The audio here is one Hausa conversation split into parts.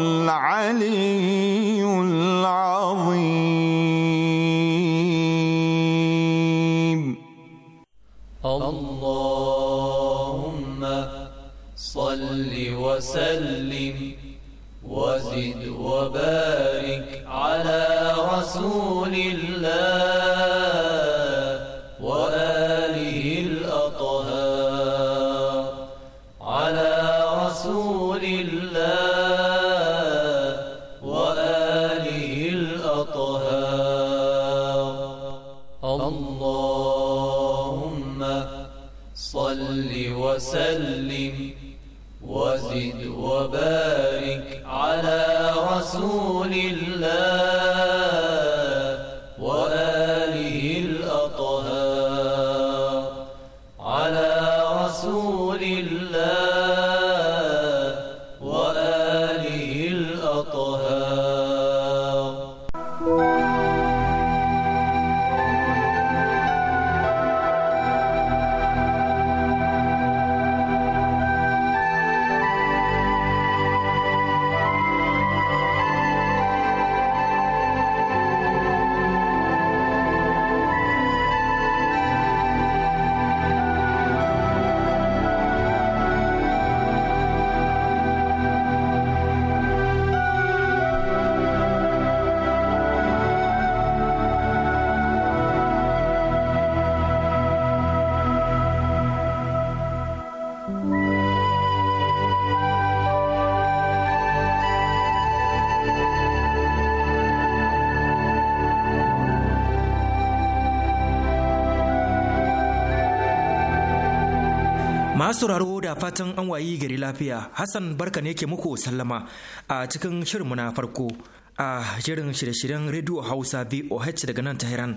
العلي العظيم اللهم صل وسلم وزد وبارك على رسول الله Masu sauraro da fatan an wayi gari lafiya Hassan barka ne ke muku sallama a cikin shirinmu na farko a jerin shirye-shiryen Radio Hausa VOH daga nan Tehran.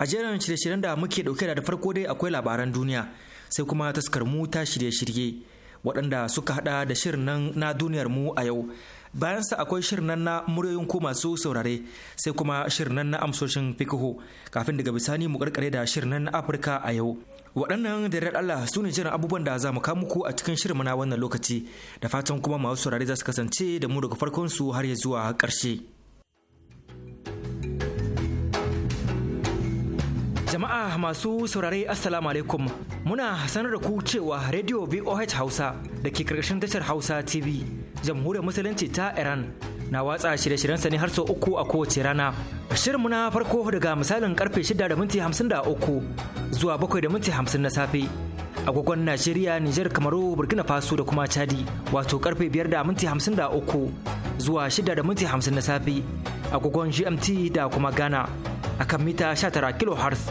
A jerin shirye-shiryen da muke dauke da farko dai akwai labaran duniya sai kuma taskar mu ta shirye-shirye waɗanda suka hada da shirin nan na duniyar mu a yau. Bayan sa akwai shirin nan na muryoyin ko masu saurare sai kuma shirin nan na amsoshin fikihu kafin daga bisani mu karkare da shirin nan na Afirka a yau. waɗannan da Allah su ne jiran abubuwan da za mu kawo muku a cikin shirin mana wannan lokaci da fatan kuma masu saurare za su kasance da mu daga farkon su har ya zuwa ƙarshe. Jama'a masu saurare Assalamu alaikum muna sanar da ku cewa Radio VOH Hausa da ke tashar Hausa TV jamhuriyar musulunci ta Iran na watsa shirye-shiryensa ne har sau uku a kowace rana. Shirinmu na farko daga misalin karfe 6:53 da minti zuwa 7:50 da minti na safe. Agogon Najeriya, Nijar, Kamaru, Burkina Faso da kuma Chadi wato karfe 5:53 da minti zuwa 6:50 da minti na safe. Agogon GMT da kuma Ghana akan mita 19 kHz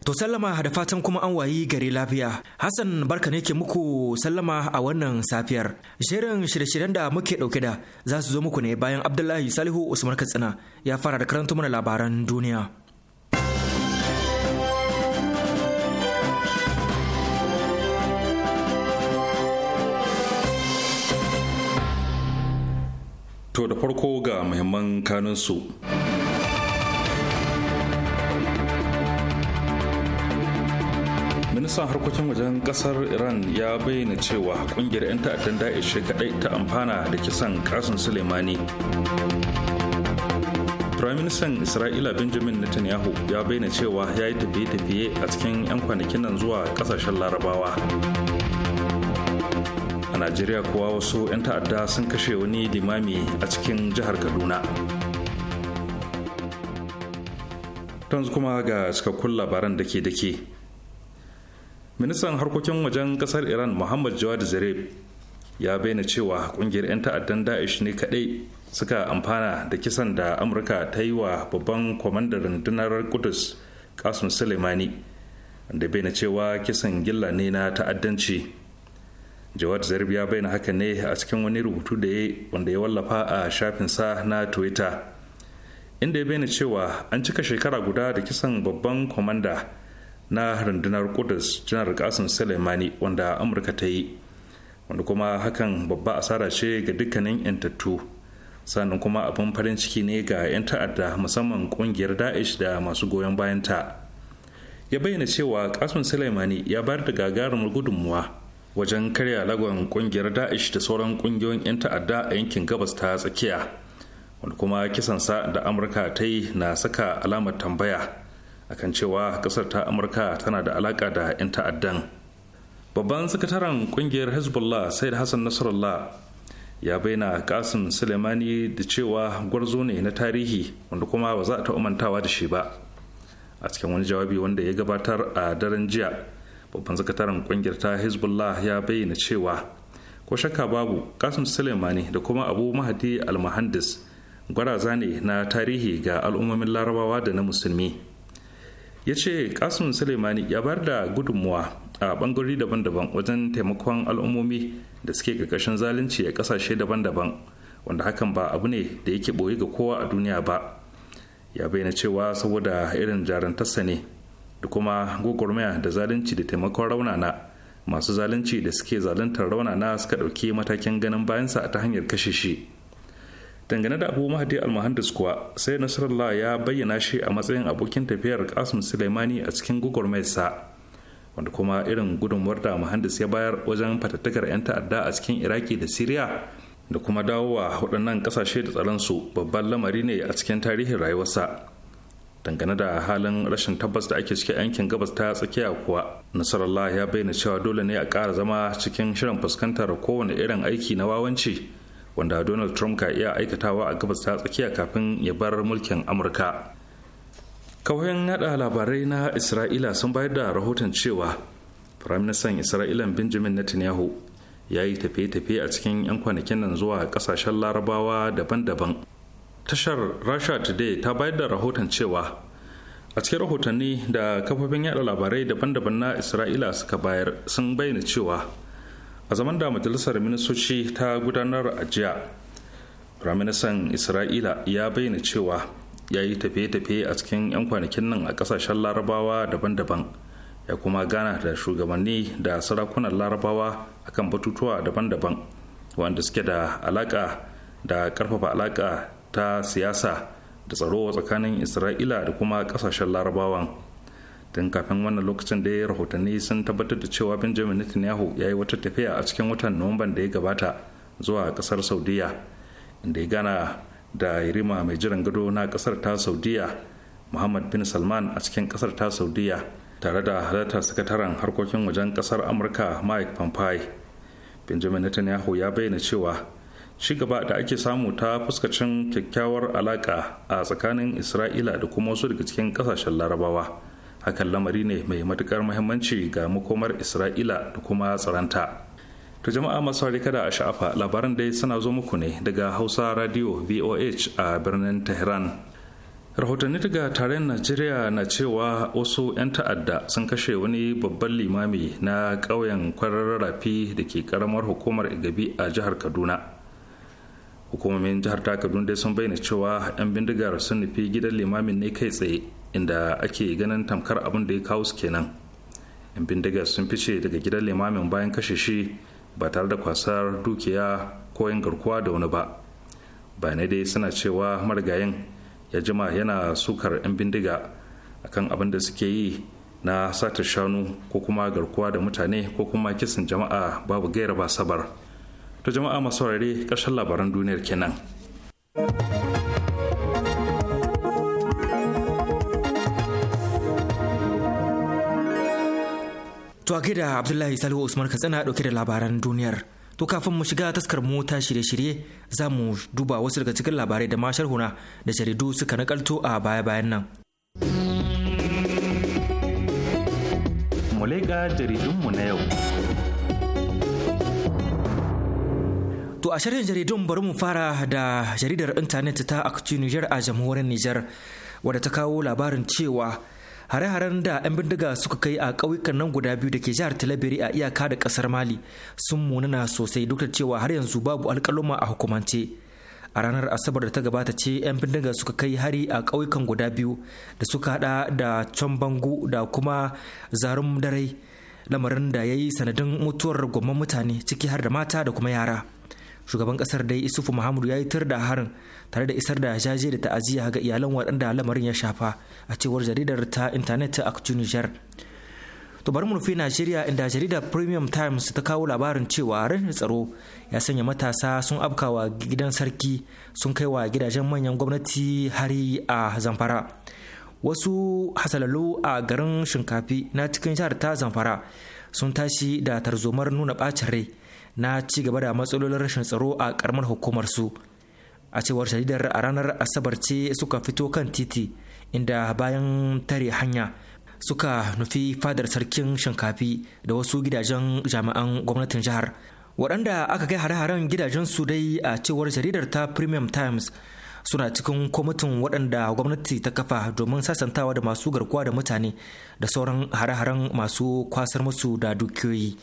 To sallama da fatan kuma an wayi gari lafiya. Hassan barka ne ke muku sallama a wannan safiyar. Shirin shirye-shiryen da muke dauke da za su zo muku ne bayan Abdullahi Salihu Usman Katsina ya fara da karanta mana labaran duniya. To da farko ga muhimman kanunsu. ministan harkokin wajen kasar iran ya bayyana cewa kungiyar 'yan ta'addan da'ish kadai ta amfana da kisan kasim suleimani firaministan isra'ila benjamin netanyahu ya bayyana cewa ya yi tafiye-tafiye a cikin 'yan kwanakin nan zuwa kasashen larabawa a najeriya kuwa wasu 'yan ta'adda sun kashe wani limami a cikin jihar kaduna yanzu kuma ga cikakkun labaran da ke da ke ministan harkokin wajen kasar iran muhammad jawad zarif ya bayyana cewa kungiyar 'yan ta'addan daesh ne kadai suka amfana da kisan da amurka ta yi wa babban kwamandan rundunar kudus kasim suleimani da bayyana cewa kisan gilla ne na ta'addanci jawad zarif ya bayyana haka ne a cikin wani rubutu da ya wanda ya wallafa a shafinsa na twitter inda ya bayyana cewa an cika shekara guda da kisan babban kwamanda na rundunar kudus jinar kasan suleimani wanda amurka ta yi wanda kuma hakan babba asara ce ga dukkanin 'yantattu sannan kuma abin farin ciki ne ga 'yan ta'adda musamman kungiyar da'ish da masu goyon bayanta ya bayyana cewa kasan suleimani ya bayar da gagarumar gudunmuwa wajen karya lagon kungiyar da'ish da sauran kungiyoyin 'yan ta'adda a yankin gabas ta tsakiya wanda kuma kisansa da amurka ta yi na saka alamar tambaya akan cewa kasar ta amurka tana da alaka da 'yan ta'addan babban sakataren kungiyar hezbollah said hassan nasrallah ya bayyana kasim suleimani da cewa gwarzo ne na tarihi wanda kuma ba za ta umantawa da shi ba a cikin wani jawabi wanda ya gabatar a daren jiya babban sakataren kungiyar ta hezbollah ya bayyana cewa ko shakka babu kasim suleimani da kuma abu mahadi almuhandis gwaraza ne na tarihi ga al'ummomin larabawa da na musulmi ya ce kasun suleimani ya bar da gudunmuwa a bangarori daban-daban wajen taimakon al'ummomi da suke ƙarƙashin zalunci a ƙasashe daban-daban wanda hakan ba abu ne da yake ɓoye ga kowa a duniya ba ya bayyana cewa saboda irin jarantarsa ne da kuma gwagwarmaya da zalunci da taimakon raunana masu zalunci da suke zaluntar raunana suka ɗauki matakin ganin bayansa ta hanyar kashe shi dangane da abu mahdi almuhandis kuwa sai nasarallah ya bayyana shi a matsayin abokin tafiyar kasim suleimani a cikin sa wanda kuma irin gudunmuwar da muhandis ya bayar wajen fatattakar 'yan ta'adda a cikin iraki da siriya da kuma dawowa waɗannan ƙasashe da tsaronsu babban lamari ne a cikin tarihin rayuwarsa dangane da halin rashin tabbas da ake cike yankin gabas ta tsakiya kuwa nasarallah ya bayyana cewa dole ne a ƙara zama cikin shirin fuskantar kowane irin aiki na wawanci wanda donald trump ka iya aikatawa a gabas ta tsakiya kafin ya bar mulkin amurka kawai yada labarai na isra'ila sun bayar da rahoton cewa firaministan isra'ila benjamin netanyahu ya yi tafiye-tafiye a cikin 'yan kwanakin nan zuwa kasashen larabawa daban-daban tashar rasha today ta bayar da rahoton cewa a cikin rahotanni da kafofin yada labarai daban-daban na isra'ila suka bayar sun bayyana cewa a zaman da majalisar ministoci ta gudanar a jiya firaministan isra'ila ya bayyana cewa ya yi tafiye-tafiye a cikin 'yan kwanakin nan a kasashen larabawa daban-daban ya kuma gana da shugabanni da sarakunan larabawa akan batutuwa daban-daban wanda suke da alaka da karfafa alaka ta siyasa da tsaro tsakanin isra'ila da kuma kasashen larabawan Don kafin wannan lokacin da ya rahotanni sun tabbatar da cewa benjamin netanyahu ya yi wata tafiya a cikin watan nuwamban da ya gabata zuwa kasar saudiya inda ya gana da yarima mai jiran gado na kasar ta saudiya muhammad bin salman a cikin kasar ta saudiya tare da halartar sakataren harkokin wajen kasar amurka mike pompeo benjamin netanyahu ya bayyana cewa ci gaba da ake samu ta fuskacin kyakkyawar alaka a tsakanin isra'ila da kuma wasu daga cikin kasashen larabawa hakan lamari ne mai matukar muhimmanci ga makomar isra'ila da kuma tsaranta to jama'a masu kada a sha'afa labaran dai suna zo muku ne daga hausa radio voh a birnin tehran rahotanni daga taron najeriya na cewa wasu 'yan ta'adda sun kashe wani babban limami na ƙauyen kwararar rafi da ke karamar hukumar igabi a jihar kaduna hukumomin jihar ta kaduna dai sun bayyana cewa 'yan bindigar sun nufi gidan limamin ne kai tsaye inda ake ganin tamkar abin da ya kawo su kenan yan bindiga sun fice daga gidan limamin bayan kashe shi ba tare da kwasar dukiya ko yin garkuwa da wani ba bayanai dai suna cewa marigayin ya jima yana sukar yan bindiga akan abin da suke yi na satar shanu ko kuma garkuwa da mutane ko kuma kisan jama'a babu gaira ba sabar to jama'a masu ƙarshen labaran duniyar kenan. To a da Abdullahi Salihu Usman Katsina ɗauke da labaran duniyar. To kafin mu shiga taskar mota shirye-shirye za mu duba wasu daga cikin labarai da huna da jaridu suka nakalto a baya-bayan nan. Muleka jaridunmu na yau. To a shirin jaridun bari mu fara da jaridar intanet ta Akci Nijar a jamhuriyar Nijar wadda ta kawo labarin cewa hare-haren da 'yan bindiga suka kai a ƙauyukan nan guda biyu da ke jihar talabiri a iyaka da ƙasar mali sun munana sosai duk da cewa har yanzu babu alƙaluma a hukumance a ranar asabar da ta gabata ce 'yan bindiga suka kai hari a ƙauyukan guda biyu da suka haɗa da can bangu da kuma zarum dare lamarin da ya yi sanadin mutuwar gwamman mutane ciki har da mata da kuma yara shugaban kasar dai isufu muhammadu ya yi tar da harin tare da isar da jaje da ta'aziyya ga iyalan waɗanda lamarin ya shafa a cewar jaridar ta intanet a nijar to bari mu nufi najeriya inda jaridar premium times ta kawo labarin cewa rashin tsaro ya sanya matasa sun afkawa gidan sarki sun kai wa gidajen manyan gwamnati hari a zamfara wasu hasalalu a garin shinkafi na cikin jihar ta zamfara sun tashi da tarzomar nuna bacin rai na ci gaba da matsalolin rashin tsaro a karamar hukumar su a cewar jaridar a ranar asabar ce suka fito kan titi inda bayan tare hanya suka nufi fadar sarkin shinkafi da wasu gidajen jami'an gwamnatin jihar waɗanda aka kai hare-haren gidajen su dai a cewar jaridar ta premium times suna cikin kwamitin waɗanda gwamnati ta kafa domin sasantawa da masu garkuwa da mutane da sauran hare-haren masu kwasar musu da dukiyoyi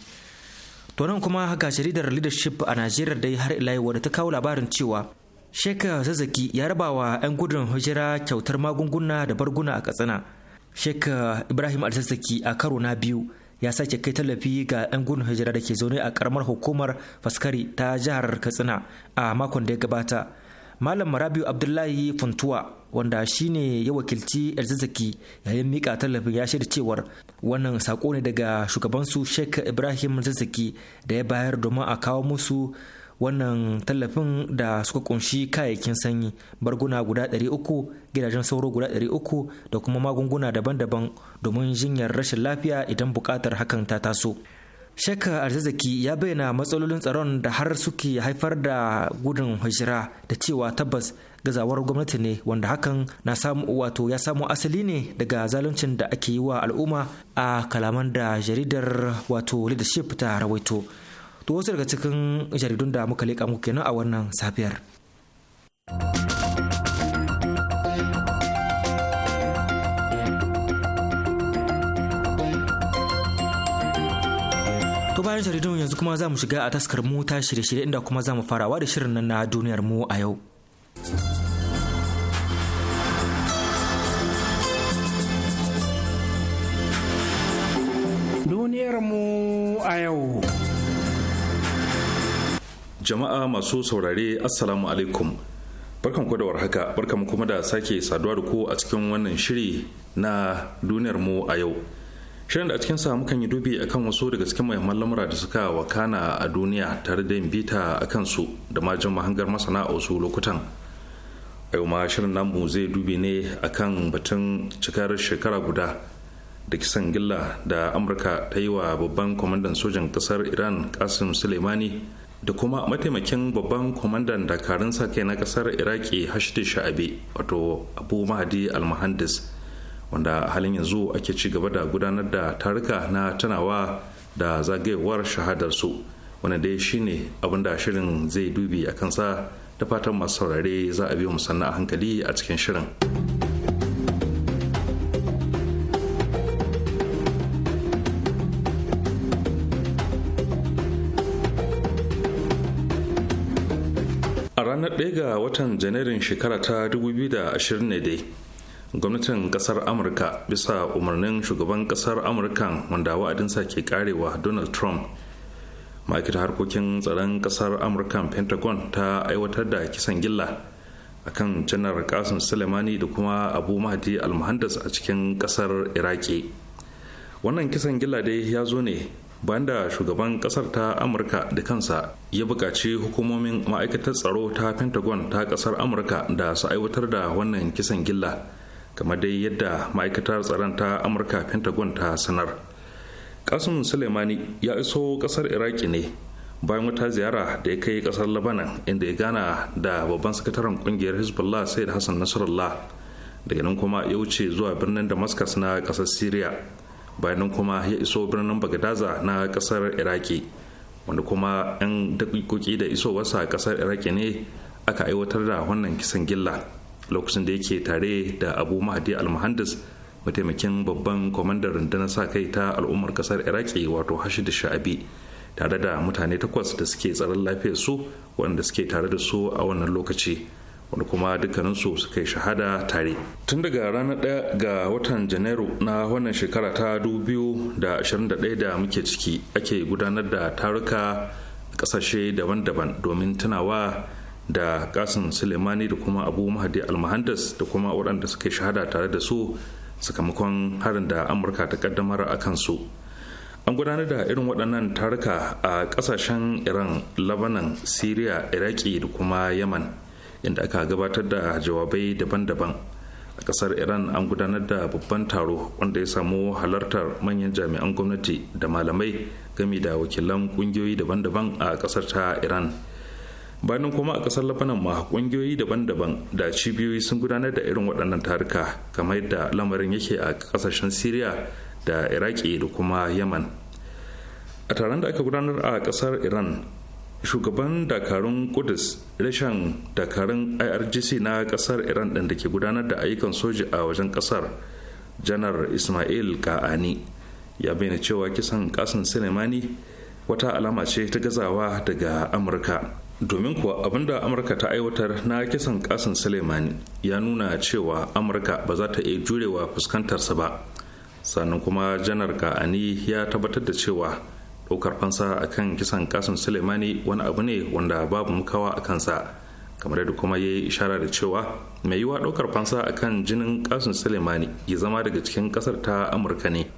to nan kuma ga jaridar leadership a najeriya dai har ila yau wadda ta kawo labarin cewa sheka zazzaki ya rabawa wa 'yan gudun hijira kyautar magunguna da barguna a katsina sheka ibrahim alzazzaki a karo na biyu ya sake kai tallafi ga 'yan gudun hijira da ke zaune a karamar hukumar faskari ta jihar katsina a makon da ya gabata malam marabiu abdullahi funtuwa wanda shine ya wakilci yarzazzaki yayin mika tallafin ya shaida cewar wannan sako ne daga shugabansu sheikh ibrahim zazzaki da ya bayar domin a kawo musu wannan tallafin da suka kunshi kayayyakin sanyi barguna guda 300 gidajen sauro guda 300 da kuma magunguna daban-daban domin jinyar rashin lafiya idan bukatar hakan ta taso shekka Arzaki ya bayyana matsalolin tsaron da har suke haifar da gudun hijira da cewa tabbas gazawar gwamnati ne wanda hakan na samu wato ya samu asali ne daga zaluncin da ake yi wa al'umma a kalaman da jaridar wato leadership ta rawaito to wasu daga cikin jaridun da muka leƙa muku kenan a wannan safiyar. To bayan jaridun yanzu kuma za mu shiga a taskar mu ta shirye-shirye inda kuma za mu farawa da shirin nan na duniyar mu a yau. Duniyar mu a yau. Jama'a masu saurare Assalamu alaikum. Barkan ku da warhaka, barkan kuma da sake saduwa da ku a cikin wannan shiri na duniyar mu a yau. shirin da a cikin cikinsa mukan yi dubi akan wasu daga cikin muhimman lamura da suka wakana a duniya tare da yin bita a kansu da majin mahangar masana a wasu lokutan a yau ma shirin namu zai dubi ne akan batun cikar shekara guda da kisan gilla da amurka ta yi wa babban kwamandan sojan kasar iran kasim suleimani da kuma mataimakin babban kwamandan dakarun sa kai na kasar iraki hashti sha'abi wato abu mahadi almuhandis wanda a halin yanzu ake ci gaba da gudanar da taruka na tunawa da zagayewar shahadarsu wanda dai shine abin da shirin zai dubi a kansa da fatan masu saurare za a biyo musanna a hankali a cikin shirin. a ranar 1 ga watan janairun shekara ta 2020 ne dai gwamnatin kasar amurka bisa umarnin shugaban kasar amurka wanda wa'adinsa ke karewa donald trump ma'aikatar harkokin tsaron kasar amurka pentagon ta aiwatar da kisan gilla a kan janar kasim suleimani da kuma abu mahdi almuhandas a cikin kasar iraki wannan kisan gilla dai ya zo ne bayan da shugaban kasar ta amurka da kansa ya buƙaci hukumomin ma'aikatar tsaro ta pentagon ta kasar amurka da su aiwatar da wannan kisan gilla kamar dai yadda ma'aikatar tsaron ta amurka pentagon ta sanar kasim suleimani ya iso kasar iraki ne bayan wata ziyara da ya kai kasar labanan inda ya gana da babban sakataren kungiyar hezbollah da hassan nasarallah daga nan kuma ya wuce zuwa birnin damascus na kasar syria bayan nan kuma ya iso birnin bagadaza na kasar iraki wanda kuma 'yan dakikoki da isowarsa kasar iraki ne aka aiwatar da wannan kisan gilla lokacin da yake tare da abu mahadi almuhandis mataimakin babban kwamandan rundunar sa kai ta al'ummar kasar iraki wato hashida sha'abi tare da mutane takwas da suke tsaron lafiyar su wanda suke tare da su a wannan lokaci wani kuma dukkaninsu suka yi shahada tare tun daga ranar 1 ga watan janairu na wannan shekara ta 2021 da da muke ciki ake gudanar da taruka kasashe daban-daban domin tunawa da kasan sulemani da kuma abu mahadi almahandas da kuma waɗanda suka shahada tare da su sakamakon harin da amurka ta kaddamar a kansu an gudanar da irin waɗannan taruka a ƙasashen iran labanan syria iraki da kuma yaman inda aka gabatar da jawabai daban-daban a ƙasar iran an gudanar da babban taro wanda ya samu halartar manyan jami'an gwamnati da malamai game da wakilan ƙungiyoyi daban-daban a ƙasar ta iran bayan kuma a kasar labanan ma kungiyoyi daban-daban da cibiyoyi sun gudanar da irin waɗannan taruka kamar yadda lamarin yake a kasashen syria da iraki da kuma yaman a taron da aka gudanar a kasar iran shugaban dakarun kudus rashin dakarun irgc na kasar iran ɗin da ke gudanar da ayyukan soji a wajen ƙasar janar ismail ka'ani ya bayyana cewa kisan kasan sinimani wata alama ce ta gazawa daga amurka domin kuwa abinda amurka ta aiwatar na kisan kasan suleimani ya nuna cewa amurka ba za ta iya jurewa fuskantarsa ba sannan kuma janar ka'ani ya tabbatar da cewa ɗaukar fansa akan kisan kasan suleimani wani abu ne wanda babu mukawa a kansa kamar da kuma ya yi ishara da cewa mai yiwa ɗaukar fansa akan jinin kasan suleimani ya zama daga cikin ƙasar ta amurka ne.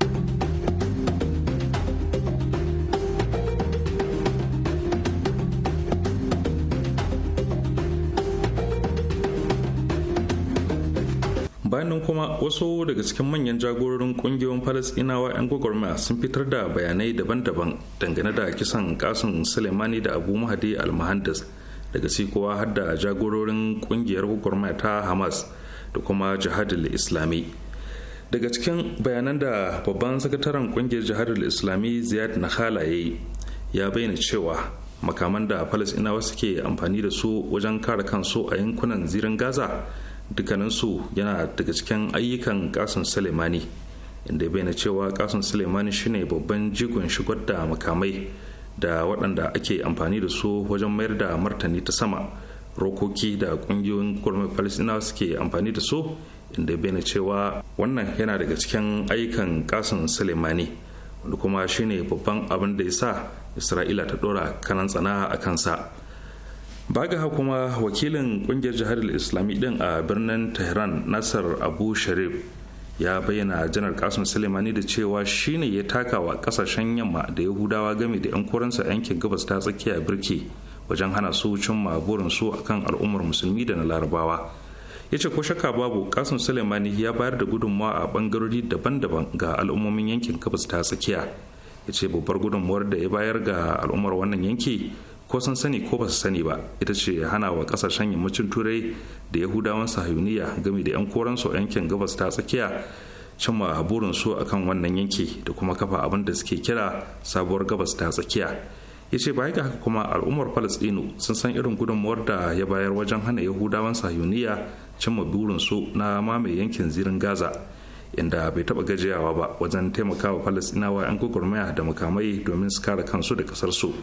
nan kuma wasu daga cikin manyan jagororin kungiyoyin falasɗinawa 'yan gwagwarmaya sun fitar da bayanai daban-daban dangane da kisan kasan sulemani da abu mahadi almahandas daga sikowa har da jagororin kungiyar gwagwarmaya ta hamas da kuma jihadul islami daga cikin bayanan da babban sakataren kungiyar jihadul islami ziyad nakhala ya ya bayyana cewa makaman da falasɗinawa suke amfani da su wajen kare kansu a yankunan zirin gaza dukkaninsu yana daga cikin ayyukan kasan sulemani inda bai bayyana cewa kasan sulemani shine babban jigon shigar da makamai da waɗanda ake amfani da su wajen mayar da martani ta sama rokoki da ƙungiyoyin kurmin palestinawa suke amfani da su inda bai bayyana cewa wannan yana daga cikin ayyukan kasan sulemani wanda kuma shine babban abin da ya sa isra'ila ta ɗora kanan tsana a kansa baga ha kuma wakilin kungiyar jihar islami din a birnin tehran nasar abu sharif ya bayyana janar kasim sulemani da cewa shine ya taka wa kasashen yamma da yahudawa game da yan kuransa yankin gabas ta tsakiya birki wajen hana su cimma burinsu kan al'ummar musulmi da na larabawa ya ce ko shakka babu kasim sulemani ya bayar da gudunmawa a bangarori daban-daban ga al'ummomin yankin gabas ta tsakiya ya ce babbar gudunmawar da ya bayar ga al'ummar wannan yanki ko sun sani ko ba su sani ba ita ce hana wa kasashen yammacin turai da yahudawan sahiyuniya game da 'yan koransu a yankin gabas ta tsakiya cimma burin su akan wannan yanki da kuma kafa abin da suke kira sabuwar gabas ta tsakiya ya ce baya ga haka kuma al'ummar palestino sun san irin gudunmuwar da ya bayar wajen hana yahudawan sahiyuniya cimma burin su na mamaye yankin zirin gaza inda bai taba gajiyawa ba wajen taimakawa palestinawa 'yan gwagwarmaya da makamai domin su kare kansu da kasar su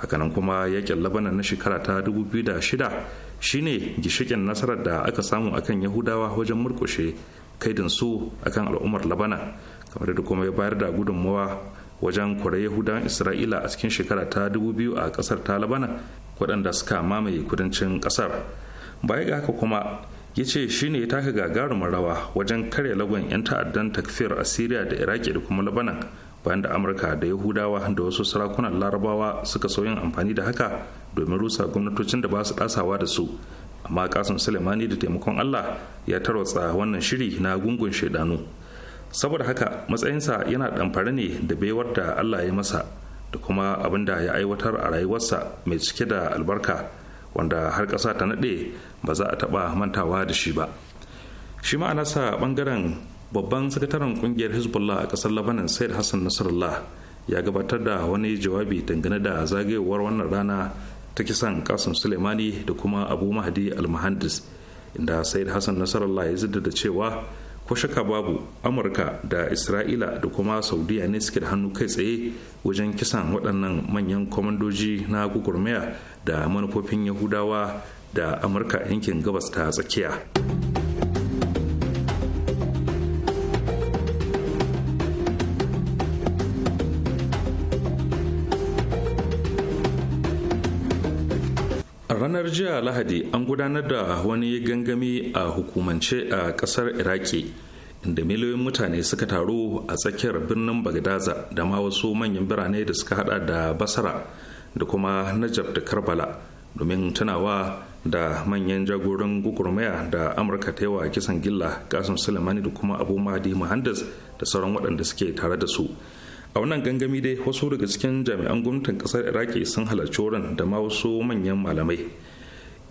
hakanan kuma yakin labanan na shekara ta 2006 shine gishikin nasarar da aka samu akan yahudawa wajen murkushe kaidin su akan al'ummar labanan kamar da kuma ya bayar da gudunmawa wajen kore yahudawan isra'ila a cikin shekara ta 2000 a kasar ta labanan waɗanda suka mamaye kudancin kasar baya ga haka kuma ya ce shi ne ya taka gagarumin rawa wajen karya lagon 'yan ta'addan takfir a da iraki da kuma labanan bayan da amurka da yahudawa da wasu sarakunan larabawa suka so amfani da haka domin rusa gwamnatocin da ba su dasawa da su amma kasan sulemani da taimakon allah ya tarwatsa wannan shiri na gungun shaidanu saboda haka matsayinsa yana ɗamfare ne da baiwar da allah ya masa da kuma abin da ya aiwatar a rayuwarsa mai cike da albarka wanda har ƙasa ta naɗe ba za a taɓa mantawa da shi ba shi ma'anarsa ɓangaren babban sakataren kungiyar hezbollah a kasar labanan said hassan nasarallah ya gabatar da wani jawabi dangane da zagayowar wannan rana ta kisan kasim suleimani da kuma abu mahdi almuhandis inda said hassan nasarallah ya da cewa ko shaka babu amurka da isra'ila da kuma saudiya ne suke da hannu kai tsaye wajen kisan waɗannan manyan kwamandoji na gugurmaya da manufofin yahudawa da amurka yankin gabas ta tsakiya ranar jiya lahadi an gudanar da wani gangami a hukumance a kasar iraki inda miliyoyin mutane suka taru a tsakiyar birnin bagdaza da ma wasu manyan birane da suka hada da basara da kuma najab da karbala domin tunawa da manyan jagoran gugurmaya da amurka ta yawa kisan gilla kasan sulemani da kuma abu mahdi muhandis da sauran waɗanda suke tare da su a wannan gangami dai wasu daga cikin jami'an gwamnatin kasar iraki sun halarci wurin da ma wasu manyan malamai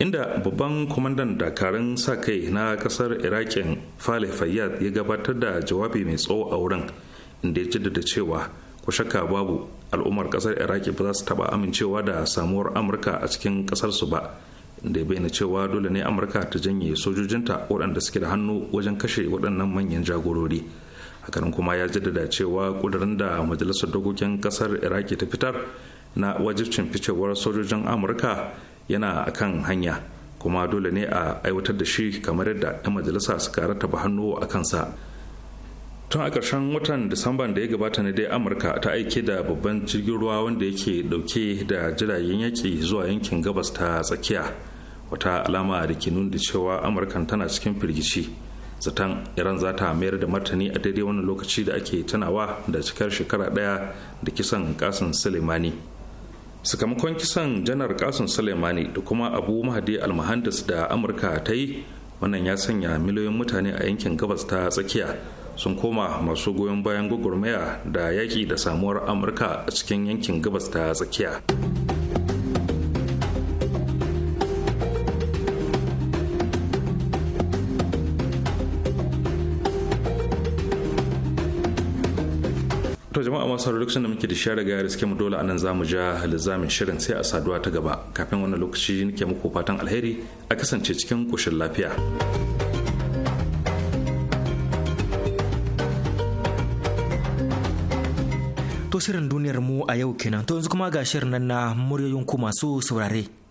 inda babban kwamandan dakarun sa kai na kasar irakin fale fayyad ya gabatar da jawabi mai tsawo a wurin inda ya jaddada cewa ku shakka babu al'ummar kasar iraki ba za su taba amincewa da samuwar amurka a cikin kasar ba inda ya bayyana cewa dole ne amurka ta janye sojojinta waɗanda suke da hannu wajen kashe waɗannan manyan jagorori hakan kuma ya jaddada cewa kudurin da majalisar dokokin kasar iraki ta fitar na wajibcin ficewar sojojin amurka yana a kan hanya kuma dole ne a aiwatar da shi kamar yadda 'yan majalisa suka rattaba hannu a kansa tun a ƙarshen watan disamban da ya gabata ne dai amurka ta aike da babban jirgin ruwa wanda yake dauke da jiragen yaƙi zuwa yankin gabas ta tsakiya wata alama da ke nuna cewa amurkan tana cikin firgici zaton iran za ta mayar da martani a daidai wannan lokaci da ake tunawa da cikar shekara daya da kisan kasan suleimani sakamakon kisan janar kasan suleimani da kuma abu mahadi almuhandis da amurka ta yi wannan ya sanya miliyoyin mutane a yankin gabas ta tsakiya sun koma masu goyon bayan gwagwarmaya da yaƙi da samuwar amurka a cikin yankin gabas ta tsakiya jama'a masu sauraro lokacin da muke da share ga riske mu dole anan zamu ja lizamin shirin sai a saduwa ta gaba kafin wannan lokaci nake muku fatan alheri a kasance cikin koshin lafiya. To shirin duniyar mu a yau kenan to yanzu kuma ga shirin nan na muryoyin ku masu saurare.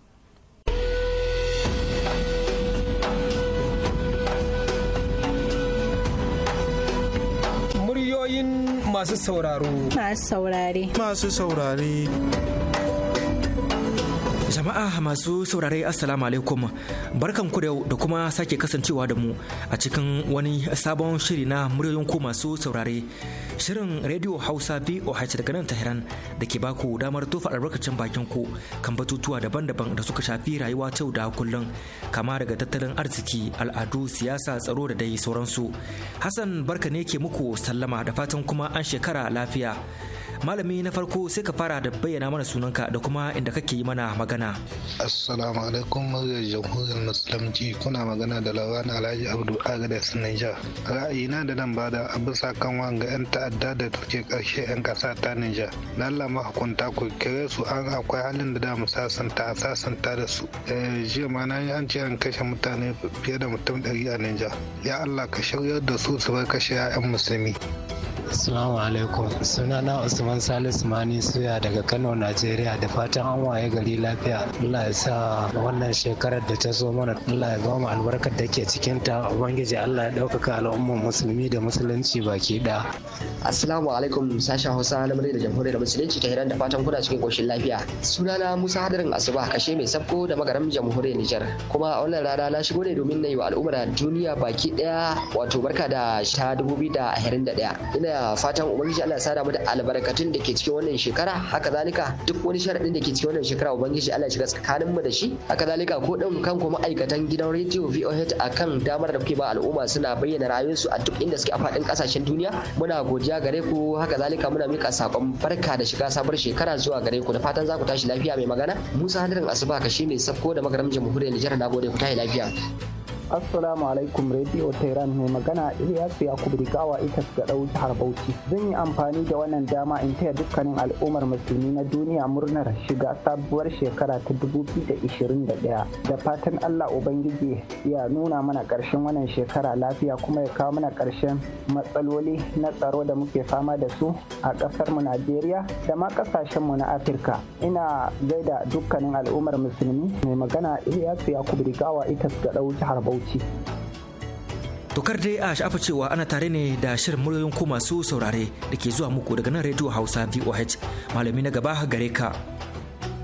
masu sauraro masu saurare masu saurare jama'a masu saurare assalamu alaikum barkan ku da yau da kuma sake kasancewa da mu a cikin wani sabon shiri na muryoyin ku masu saurare Shirin Radio Hausa VOH daga nan Tahiran da ke baku damar tofa albarkacin bakin ku kan batutuwa daban-daban da suka shafi rayuwa ta da kullum kama daga tattalin arziki, al'adu, siyasa, tsaro da dai sauransu. Hassan barka ne ke muku sallama da fatan kuma an shekara lafiya. malami na farko sai ka fara da bayyana mana sunanka da kuma inda kake yi mana magana assalamu alaikum muryar jamhuriyar musulunci kuna magana da lawan alhaji abdu agadas Ra'ayi ra'ayina da nan bada a bisa kan wanga yan ta'adda da take karshe yan kasa ta niger na allah mahukunta ku kire su an akwai halin da damu mu sasanta sasanta da su eh, jiya ma na yi an ce an kashe mutane fiye da mutum ɗari a niger ya allah ka shiryar da su su bar kashe 'ya'yan musulmi Assalamu alaikum. Sunana Usman Salisu Mani Suya daga Kano, Najeriya da fatan an waye gari lafiya. Allah ya sa wannan shekarar da ta zo mana Allah ya ba mu albarkar da ke cikin ta. Ubangiji Allah ya daukaka al'ummar musulmi da musulunci baki ɗaya. Assalamu alaikum sashen Hausa na da Jamhuriyar Musulunci ta Iran da fatan kuna cikin ƙoshin lafiya. Sunana Musa Hadarin Asuba kashe mai sabko da magaram Jamhuriyar Nijar. Kuma a wannan rana na shigo ne domin na yi wa al'ummar duniya baki daya wato barka da ta 2021. Ina da fatan ubangiji Allah ya sada mu da albarkatun da ke cikin wannan shekara haka zalika duk wani sharadin da ke cikin wannan shekara ubangiji Allah ya shiga tsakanin mu da shi haka zalika ko dan kan kuma ma'aikatan gidan radio VOH akan damar da kuke ba al'umma suna bayyana su a duk inda suke a fadin ƙasashen duniya muna godiya gare ku haka zalika muna mika sakon barka da shiga sabar shekara zuwa gare ku da fatan za ku tashi lafiya mai magana Musa Hadirin Asuba ka shi mai safko da magaramin jamhuriyar Nijar nagode ku tashi lafiya assalamu alaikum radio tehran mai magana ilyasu yakubu gawa ita ga dau jihar bauchi zan yi amfani da wannan dama in taya dukkanin al'ummar musulmi na duniya murnar shiga sabuwar shekara ta 2021 da fatan allah ubangiji ya nuna mana ƙarshen wannan shekara lafiya kuma ya kawo mana ƙarshen matsaloli na tsaro da muke fama da su a ƙasar mu najeriya da ma ƙasashen mu na afirka ina gaida dukkanin al'ummar musulmi mai magana ilyasu yakubu gawa ita ga dau jihar bauchi takaice. Tokar dai a sha'afa cewa ana tare ne da shirin muryoyin ku masu saurare da ke zuwa muku daga nan rediyo Hausa VOH malami na gaba gare ka.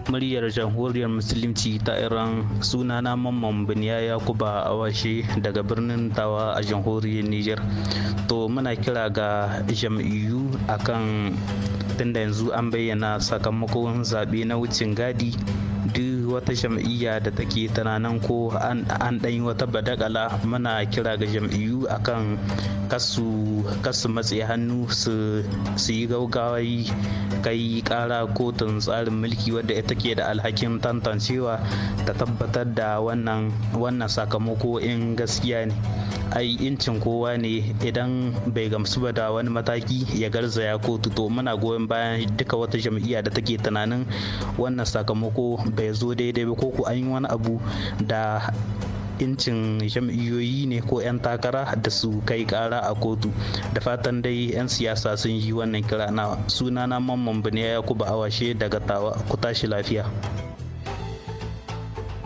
muryar jamhuriyar musulunci ta iran suna na mamman biniya yakuba awashe daga birnin tawa a jamhuriyar nijar to muna kira ga jam'iyyu akan tunda yanzu an bayyana sakamakon zaɓe na wucin gadi wata jam'iyya da take tunanin ko an ɗan yi wata badakala muna kira ga jam'iyyu akan kasu kasu matse hannu su yi gaugawai kai kara kotun tsarin mulki wadda ita ke da alhakin tantancewa ta tabbatar da wannan wannan sakamako in gaskiya ne ai incin kowa ne idan bai gamsu ba da wani mataki ya garzaya kotu to muna goyon bayan duka wata jam'iyya da take tunanin wannan sakamako bai zo daidai ba ko ku an yi wani abu da incin jam'iyyoyi ne ko 'yan takara da su kai kara a kotu da fatan dai 'yan siyasa sun yi wannan kira na sunana mamman bane ya ba awashe daga tawa ku tashi lafiya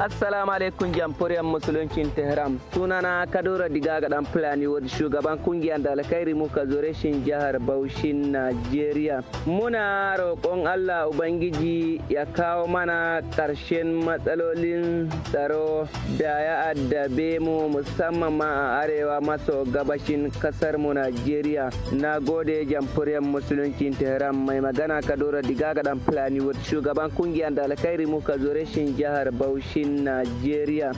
Assalamu alaikum jamhuriyar musuluncin Tehran. Sunana Kadura Diga ga dan Fulani wadda shugaban kungiyar da alkhairi muka zo reshin jihar Bauchi Najeriya. Muna roƙon Allah Ubangiji ya kawo mana ƙarshen matsalolin tsaro da ya addabe mu musamman ma a arewa maso gabashin kasar mu Najeriya. Na gode jamhuriyar musuluncin Tehran mai magana Kadura Diga ga dan Fulani wadda shugaban kungiyar da alkhairi muka zo reshin jihar Bauchi Nigeria.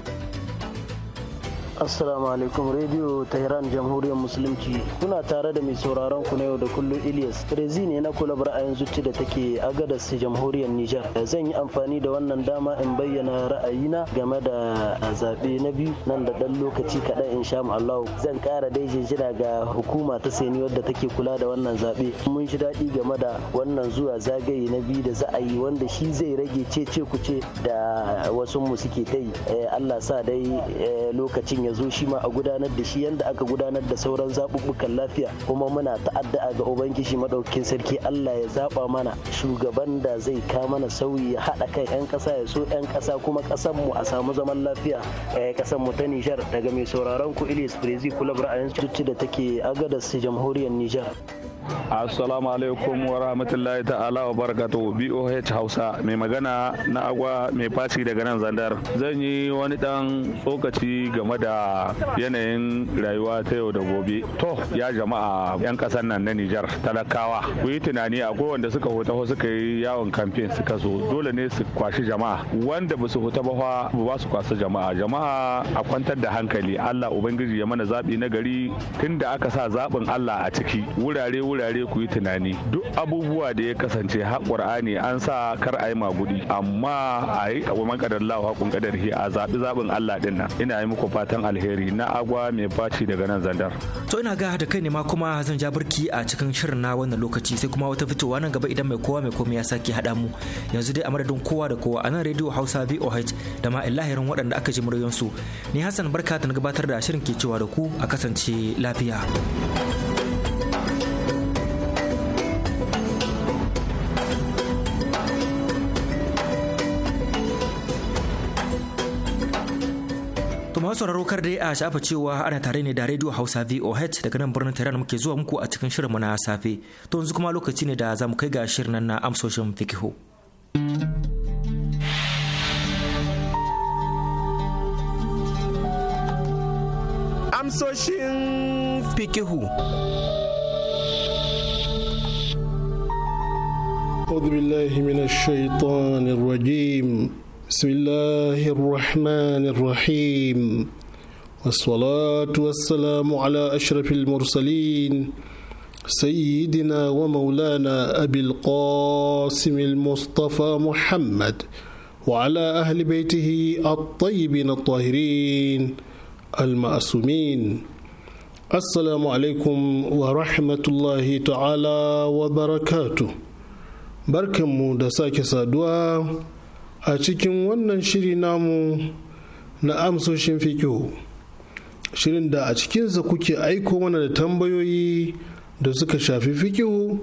Assalamu alaikum Radio Tehran Jamhuriyar Musulunci. Kuna tare da mai sauraron ku na yau da kullum Ilyas. Rezi ne na kula ra'ayin zuci da take agadas Jamhuriyar Nijar. Zan yi amfani da wannan dama in bayyana ra'ayina game da zaɓe na biyu nan da ɗan lokaci kaɗan in sha Allah. Zan ƙara dai jira ga hukuma ta sani wadda take kula da wannan zaɓe. Mun shi daɗi game da wannan zuwa zagaye na biyu da za a yi wanda shi zai rage cece ce da wasu mu suke ta yi. Eh, Allah sa dai eh, lokacin ya zo shi ma a gudanar da shi yanda aka gudanar da sauran zaɓuɓɓukan lafiya kuma muna ta'adda ga ubangiji maɗaukin sarki Allah ya zaɓa mana shugaban da zai ka mana sauyi ya haɗa kan 'yan ƙasa ya so 'yan ƙasa kuma ƙasan mu a samu zaman lafiya a eh, ƙasan mu ta Nijar daga mai sauraron ku ilis Brezi Kulabra a yanzu da take agadas jamhuriyar Nijar. assalamu alaikum wa rahmatullahi ta'ala wa barakatu boh hausa mai magana na agwa mai faci daga nan zandar zan yi wani dan tsokaci game da yanayin rayuwa ta yau da gobe to ya jama'a yan kasan nan na nijar talakawa ku yi tunani a wanda suka hoto suka yi yawon kamfen suka zo dole ne su kwashi jama'a wanda ba su hoto ba ba su kwasa jama'a jama'a a kwantar da hankali allah ubangiji ya mana zaɓi na gari tunda aka sa zaɓin allah a ciki wurare wurare ku yi tunani duk abubuwa da ya kasance har an sa kar a yi magudi amma a yi kawaman kadar lawa hakun kadar a zaɓi zaɓin Allah din nan ina yi muku fatan alheri na agwa mai baci daga nan zandar to ina ga da kai ne ma kuma zan ja birki a cikin shirin na wannan lokaci sai kuma wata fitowa nan gaba idan mai kowa mai komai ya sake haɗa mu yanzu dai a madadin kowa da kowa a nan rediyo Hausa VOH da ma illahirin waɗanda aka ji muryoyin su ni Hassan barka ta gabatar da shirin ke cewa da ku a kasance lafiya. sauraro kar dai a shafa cewa ana tare ne da radio hausa voh daga nan birnin tehran muke zuwa muku a cikin shirinmu na safe to yanzu kuma lokaci ne da za kai ga shirin na amsoshin fikihu amsoshin fikihu أعوذ بالله من الشيطان الرجيم بسم الله الرحمن الرحيم والصلاة والسلام على أشرف المرسلين سيدنا ومولانا أبي القاسم المصطفى محمد وعلى أهل بيته الطيبين الطاهرين المأسومين السلام عليكم ورحمة الله تعالى وبركاته بركة مدساك سادوا a cikin wannan shiri namu na amsoshin fikihu shirin da a cikinsa kuke aiko mana da tambayoyi da suka shafi fikihu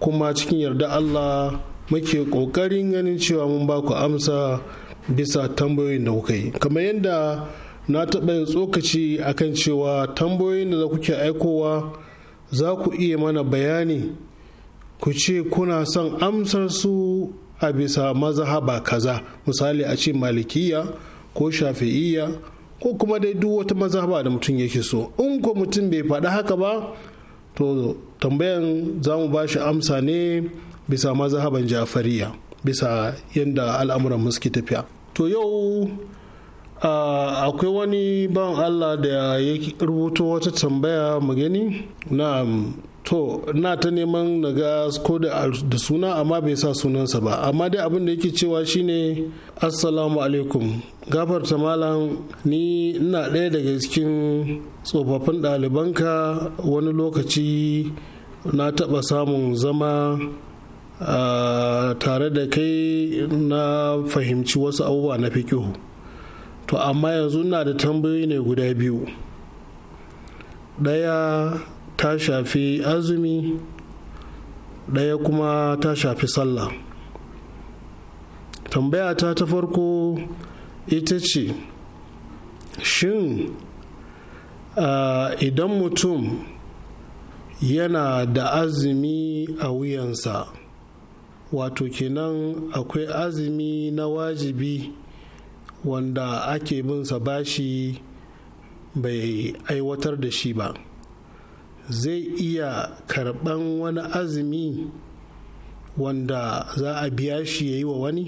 kuma cikin yarda Allah muke ƙoƙarin ganin cewa mun ba ku amsa bisa tambayoyin da kuka yi kamar yadda na taɓa yin tsokaci kan cewa tambayoyin da kuke aikowa za ku iya mana bayani ku ce kuna son amsar su a bisa mazhaba kaza misali a ce malikiya ko shafi'iyya ko kuma dai duk wata mazhaba da mutum yake so in ko mutum bai faɗi haka ba to tambayan za mu ba shi amsa ne bisa mazhaban jafariya bisa yadda al'amuran muske tafiya to yau akwai wani ban allah da ya rubuto wata tambaya mu gani na to na ta neman na ga ko da suna amma bai sa sunansa ba amma dai abin da yake cewa shine assalamu alaikum ta malam ni na ɗaya daga cikin tsofaffin ɗalibanka wani lokaci na taɓa samun zama tare da kai na fahimci wasu abubuwa na fikihu to amma yanzu na da tambayoyi ne guda biyu ɗaya ta shafi azumi ɗaya kuma ta shafi sallah tambaya ta ta farko ita ce shin idan mutum yana da azumi a wuyansa wato kenan akwai azumi na wajibi wanda ake sa bashi bai aiwatar da shi ba zai iya karɓan wani azumi wanda za a biya shi ya yi wa wani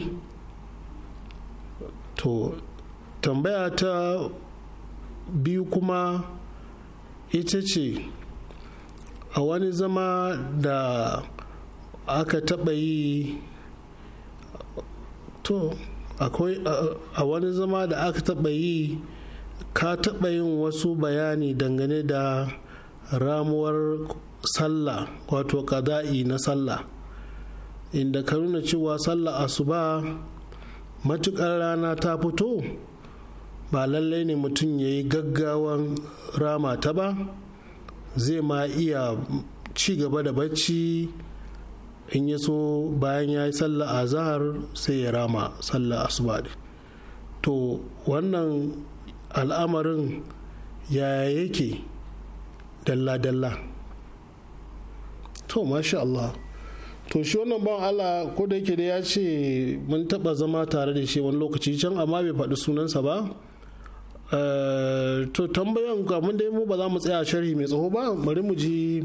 to tambaya ta biyu kuma ita ce a wani zama da aka taɓa yi to akwai a wani zama da aka taɓa yi ka taɓa yin wasu bayani dangane da ramuwar sallah wato kada'i na sallah inda ka nuna cewa sallah asuba matukar rana ta fito ba lallai ne mutum ya yi gaggawan rama ta ba zai ma iya ci gaba da bacci in ya so bayan ya yi sallah azahar sai ya rama sallah asuba to wannan al'amarin yaya yake dalla-dalla to masha Allah to shi wannan ban Allah ko da yake da ya ce mun taba zama tare da shi wani lokaci can amma bai faɗi sunansa ba eh, to tambayan mun dai mu ba za mu tsaya sharhi mai tsaho ba bari mu ji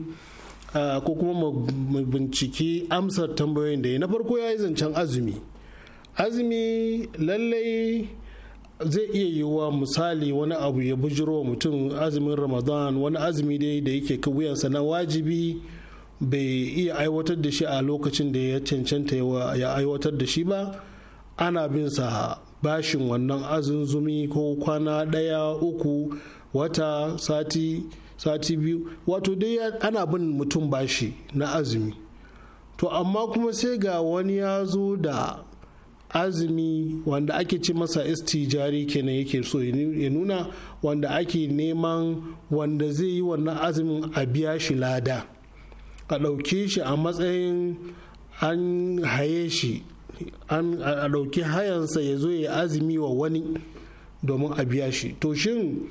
eh, ko kuma mu binciki amsar tambayoyin da ya na farko ya yi zancen azumi azumi lallai zai iya yiwuwa misali wani abu ya bujiro wa mutum azumin ramadan wani azumi dai da yake wuyansa na wajibi bai iya aiwatar da shi a lokacin da ya cancanta ya aiwatar da shi ba ana bin sa bashin wannan azunzumi ko kwana ɗaya uku wata sati sati biyu wato dai ana bin mutum bashi na azumi to amma kuma sai ga wani ya zo da azumi wanda ake ci masa istijari kenan yake so ya nuna wanda ake neman wanda zai yi wannan azumin a biya shi lada a ɗauke shi a matsayin an haye shi a ɗauki hayansa ya zo ya azumi wa wani domin a biya shi to shin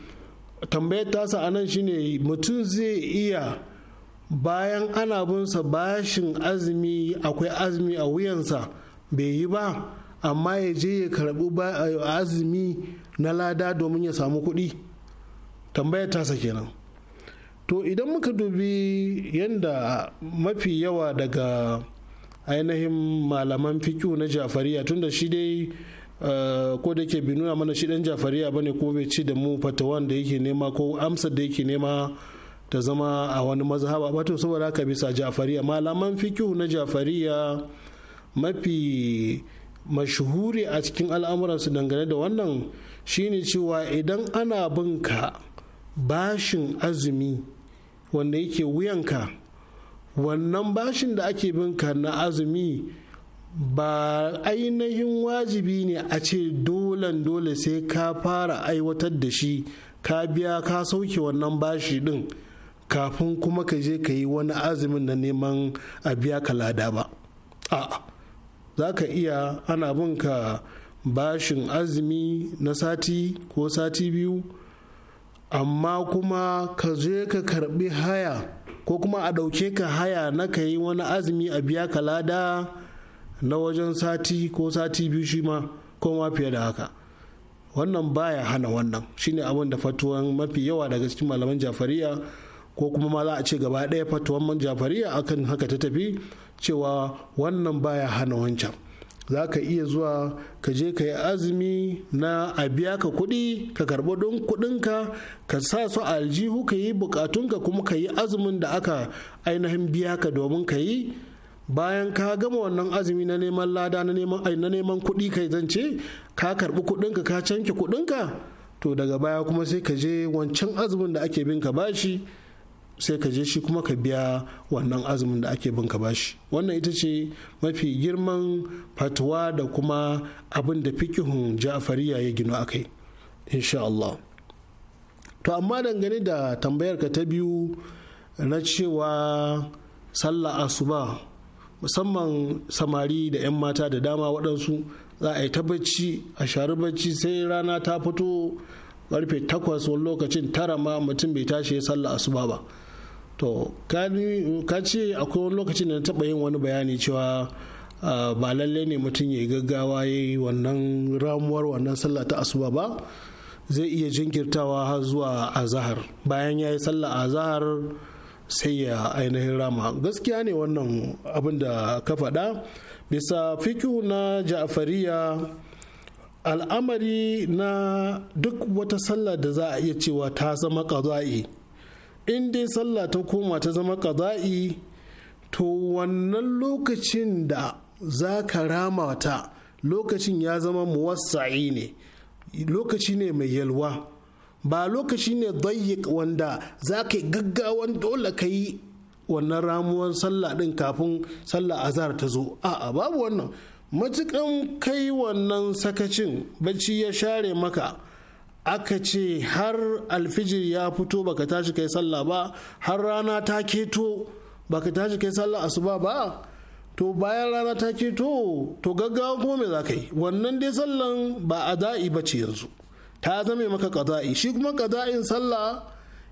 tambayar tasa anan shine mutum zai iya bayan ana bunsa bashin azumi akwai azumi a wuyansa bai yi ba amma ya je ya karɓi azumi na lada domin ya samu kuɗi ta tasa kenan to idan muka dubi yadda mafi yawa daga ainihin malaman fikiyu na jafariya tunda shi dai ko da ke bi nuna mana shi dan jafariya ne ko bai ci da mu fatawan da yake nema ko amsar da yake nema ta zama a wani mazhaba ba to saboda haka bisa jafariya malaman fikihu na jafariya mafi mashuhuri a cikin al'amuransu dangane da wannan shine cewa idan ana bin ka bashin azumi wanda yake wuyanka wannan bashin da ake bin na azumi ba ainihin wajibi ne a ce dolan dole sai ka fara aiwatar da shi ka biya ka sauke wannan bashi din kafin kuma ka je ka yi wani azumin na neman a biya ka lada ba a'a za ka iya ana bin ka bashin azumi na sati ko sati biyu amma kuma ka je ka karbi haya ko kuma a ɗauke ka haya na ka yi wani azumi a biya ka lada na wajen sati ko sati biyu shi ma koma fiye da haka wannan baya hana wannan shine abin da fatuwan mafi yawa daga cikin malaman jafariya ko kuma ma za a ce gaba ɗaya fatuwan man jafariya akan haka ta tafi cewa wannan baya hana wancan za ka iya zuwa ka je ka yi azumi na a biya ka kuɗi ka karɓi don kuɗinka ka sa su a aljihu ka yi bukatunka kuma ka yi azumin da aka ainihin biya ka domin ka yi bayan ka gama wannan azumi na neman lada na neman kuɗi kai zance ka karɓi kuɗinka ka canke kuɗinka to daga baya kuma sai ka je wancan azumin da ake bin ka bashi sai ka je shi kuma ka biya wannan azumin da ake bin ka bashi wannan ita ce mafi girman fatuwa da kuma abin da fikihun ja'fariya ya gino a kai insha Allah to amma dangane da tambayar ka ta biyu na cewa sallah asuba musamman samari da 'yan mata da dama waɗansu za a yi ta a sharu bacci sai rana ta fito karfe takwas wani lokacin tara ma mutum bai tashi ya sallah asuba ba to ka ce akwai wani lokacin da na taɓa yin wani bayani cewa ba lalle ne mutum ya yi gaggawa ya yi wannan ramuwar wannan sallah ta asuba ba zai iya jinkirtawa har zuwa azahar bayan ya yi sallah azahar sai ya ainihin rama gaskiya ne wannan abin da ka faɗa bisa fikihu na ja'afariya al'amari na duk wata sallah da za a iya cewa ta zama ƙaza'i in dai sallah ta koma ta zama ƙaza'i to wannan lokacin da za ka rama ta lokacin ya zama muwassa'i ne lokaci ne mai yalwa ba lokaci ne dayyik wanda za ka yi gaggawan dole ka yi wannan ramuwan sallah ɗin kafin sallah azar ta zo a'a babu wannan matukan kai wannan sakacin bacci ya share maka aka ce har alfijir ya fito baka tashi kai sallah ba har rana ta keto baka tashi kai sallah asuba ba to bayan rana ta keto to gaggawa kuma me za ka yi wannan dai sallan ba a da'i ba ce yanzu ta zame maka kaza'i. shi kuma kaza'in sallah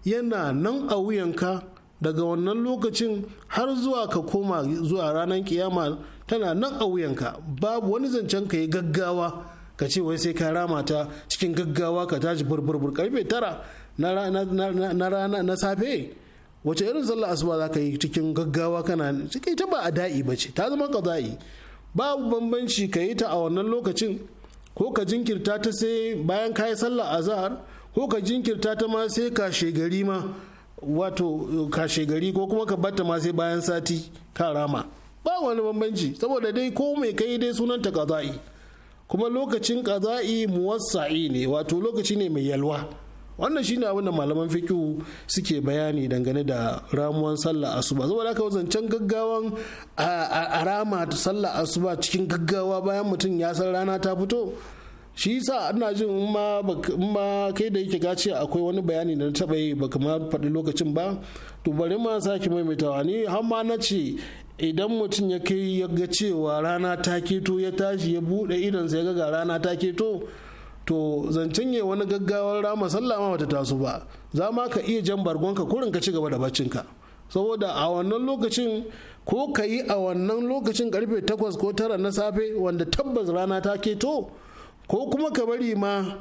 yana nan a wuyanka daga wannan lokacin har zuwa ka koma zuwa ranar kiyama tana nan a wuyanka babu wani zancen ka yi gaggawa ka ce wai sai ka rama ta cikin gaggawa ka tashi burburbur karfe tara na rana na safe wace irin sallah asuba za ka yi cikin gaggawa kana cikin ta ba a da'i ba ce ta zama kaza'i babu bambanci ka yi ta a wannan lokacin ko ka jinkirta ta sai bayan ka yi a zahar? ko ka jinkirta ta ma sai ka shegari ma wato ka shegari ko kuma ka batta ma sai bayan sati ka rama ba wani bambanci saboda dai ko mai kai dai sunanta ta kaza'i kuma lokacin kaza'i muwassa'i ne wato lokaci ne mai yalwa wannan shine abin da malaman fikihu suke bayani dangane da ramuwan sallah asuba saboda ka zancen gaggawan a rama sallah asuba cikin gaggawa bayan mutum ya san rana ta fito shi yasa ina jin in ma kai da yake gaci akwai wani bayani da na taba yi ba kamar faɗi lokacin ba to bari ma sake maimaitawa ni har ma na ce idan mutum ya kai ya ga cewa rana ta keto ya tashi ya buɗe idonsa ya ga rana ta keto to zancen ya wani gaggawar rama sallah ma bata taso ba za ma ka iya jan bargonka kurin ka ci gaba da baccinka saboda a wannan lokacin ko ka yi a wannan lokacin karfe 8 ko 9 na safe wanda tabbas rana ta keto ko kuma ka bari ma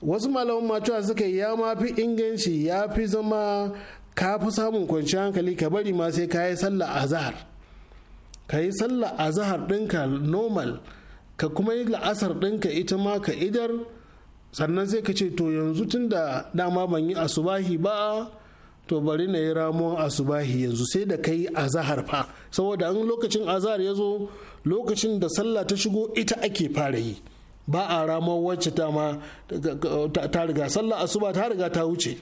wasu malaman ma cewa suka ya ma fi inganci ya fi zama ka fi samun kwanciyar hankali ka bari ma sai ka yi sallah a zahar. ka yi sallah a zahar ɗinka normal ka kuma yi la'asar ɗinka ita ma ka idar sannan sai ka ce to yanzu tun da dama ban yi asubahi ba to bari na yi ramuwan asubahi yanzu sai da kai a zahar fa saboda an lokacin azahar ya zo lokacin da sallah ta shigo ita ake fara yi ba a ramuwan wacce ta ta riga sallah asuba ta riga ta wuce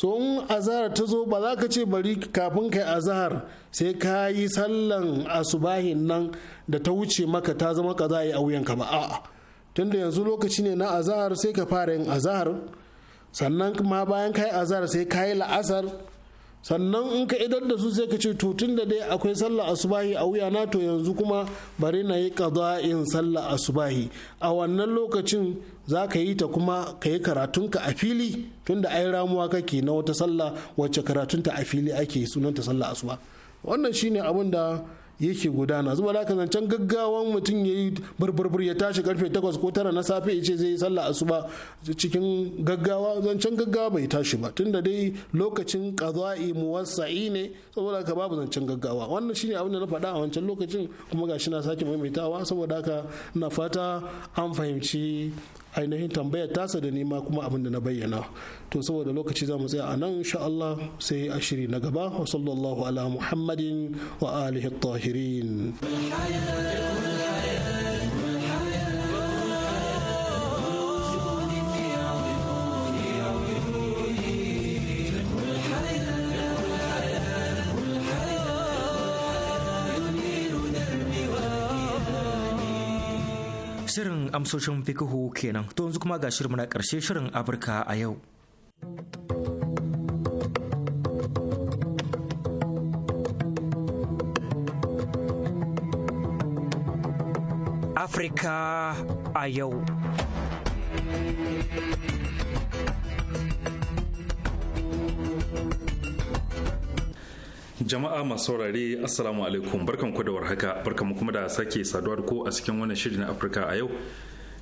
so in azahar ta zo ba za ka ce bari kafin kai azahar sai ka yi sallan asubahin nan da ta wuce maka ta zama ka za a yi auyanka ba a'a tunda yanzu lokaci ne na azahar sai ka fara yin azahar sannan ma bayan ka azahar sai ka yi la'asar sannan in ka idar da su sai ka ce to tun da dai akwai sallah asubahi a wuya na to yanzu kuma bari na yi yin sallah asubahi a wannan lokacin za ka yi ta kuma ka yi karatunka a fili tun tunda ai ramuwa kake na wata sallah wacce karatunta a fili ake sunanta sallah asuba wannan shine abin da yake gudana zuwa da zancen gaggawan mutum ya yi barbarbar ya tashi karfe 8 ko tara na safe ya ce zai yi sallah asuba cikin gaggawa zancen gaggawa bai tashi ba tunda dai lokacin qada'i muwassa'i ne saboda ka babu zancen gaggawa wannan shine abin da na faɗa a wancan lokacin kuma gashi na sake maimaitawa saboda haka na fata an fahimci ainihin tambayar tasa da nema kuma abin da na bayyana to saboda lokaci za mu tsaya a nan insha Allah sai a shiri na gaba wa sallallahu ala muhammadin wa alihi tahirin amsoshin fikihu kenan to yanzu kuma ga shirin na karshe shirin Afirka a yau. Afirka a yau. Jama'a masu saurare Assalamu alaikum barkan ku da warhaka barkan mu kuma da sake saduwa da ku a cikin wannan shiri na Afirka a yau.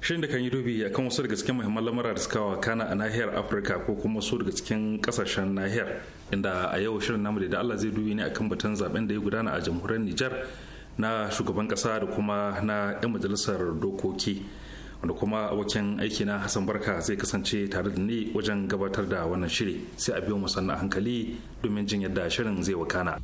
Shirin da kan yi dubi akan wasu daga cikin muhimman lamura da suka wakana a nahiyar Afirka ko kuma su daga cikin kasashen nahiyar inda a yau shirin namu da Allah zai dubi ne akan batun zaben da ya gudana a jamhuriyar Nijar na shugaban kasa da kuma na 'yan majalisar dokoki. wanda kuma abokin aiki na Hassan Barka zai kasance tare da ni wajen gabatar da wannan shiri sai a biyo mu sannan hankali domin jin yadda shirin zai wakana.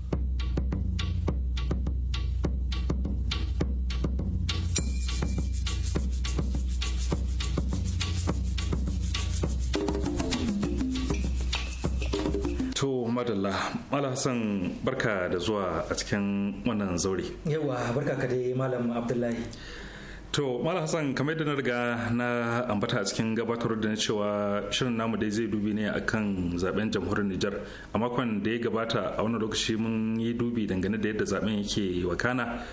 madalla mala hassan barka da zuwa a cikin wannan zaure yawa barka ka dai malam abdullahi To Mala Hassan kamar yadda na riga na ambata a cikin gabatar da na cewa shirin namu dai zai dubi ne akan zaben jamhuriyar Nijar a makon da ya gabata a wani lokaci mun yi dubi dangane da yadda zaben yake wakana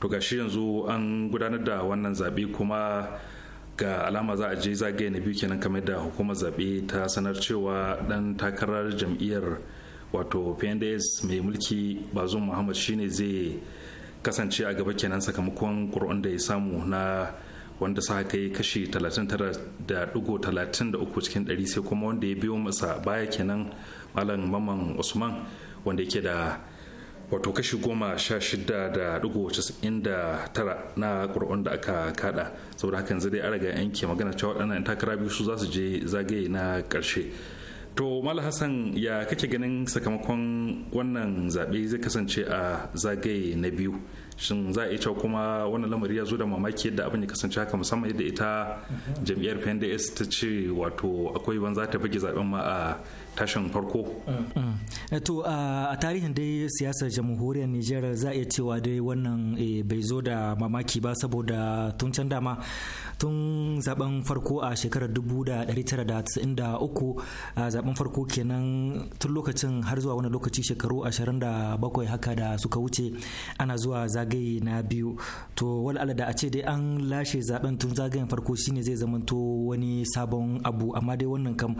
to ga shi yanzu an gudanar da wannan zabe kuma ga alama za a je zagaye na biyu kenan kamar da hukumar zabe ta sanar cewa dan takarar jam'iyyar wato PNDS mai mulki Bazum Muhammad shine zai kasance a gaba kenan sakamakon kur'an da ya samu na wanda sa yi kashi 39.33 cikin 100 sai kuma wanda ya biyo masa baya kenan malam maman usman wanda yake da wato kashi goma sha shida da digo casa'in da tara na kur'an da aka kada saboda hakan zai dai an riga yanke magana cewa waɗannan takara biyu su za su je zagaye na ƙarshe to mala hassan ya kake ganin sakamakon wannan zaɓe zai kasance a zagaye na biyu shin za a iya cewa kuma wannan lamari ya zo da mamaki yadda abin ya kasance haka musamman yadda ita jam'iyyar pnds ta ce wato akwai ban za ta buge zaɓen ma a tashin farko. Mm. To a tarihin dai siyasar jamhuriyar Nijar za a iya cewa dai wannan eh, bai zo da mamaki ba saboda tun can dama tun zaben farko a shekarar 1993 zaben farko kenan tun lokacin har zuwa wani lokaci shekaru 27 haka da suka wuce ana zuwa zagaye na biyu to wal'ala da a ce dai an lashe zaben tun zagayen farko shine zai zamanto wani sabon abu amma dai wannan kam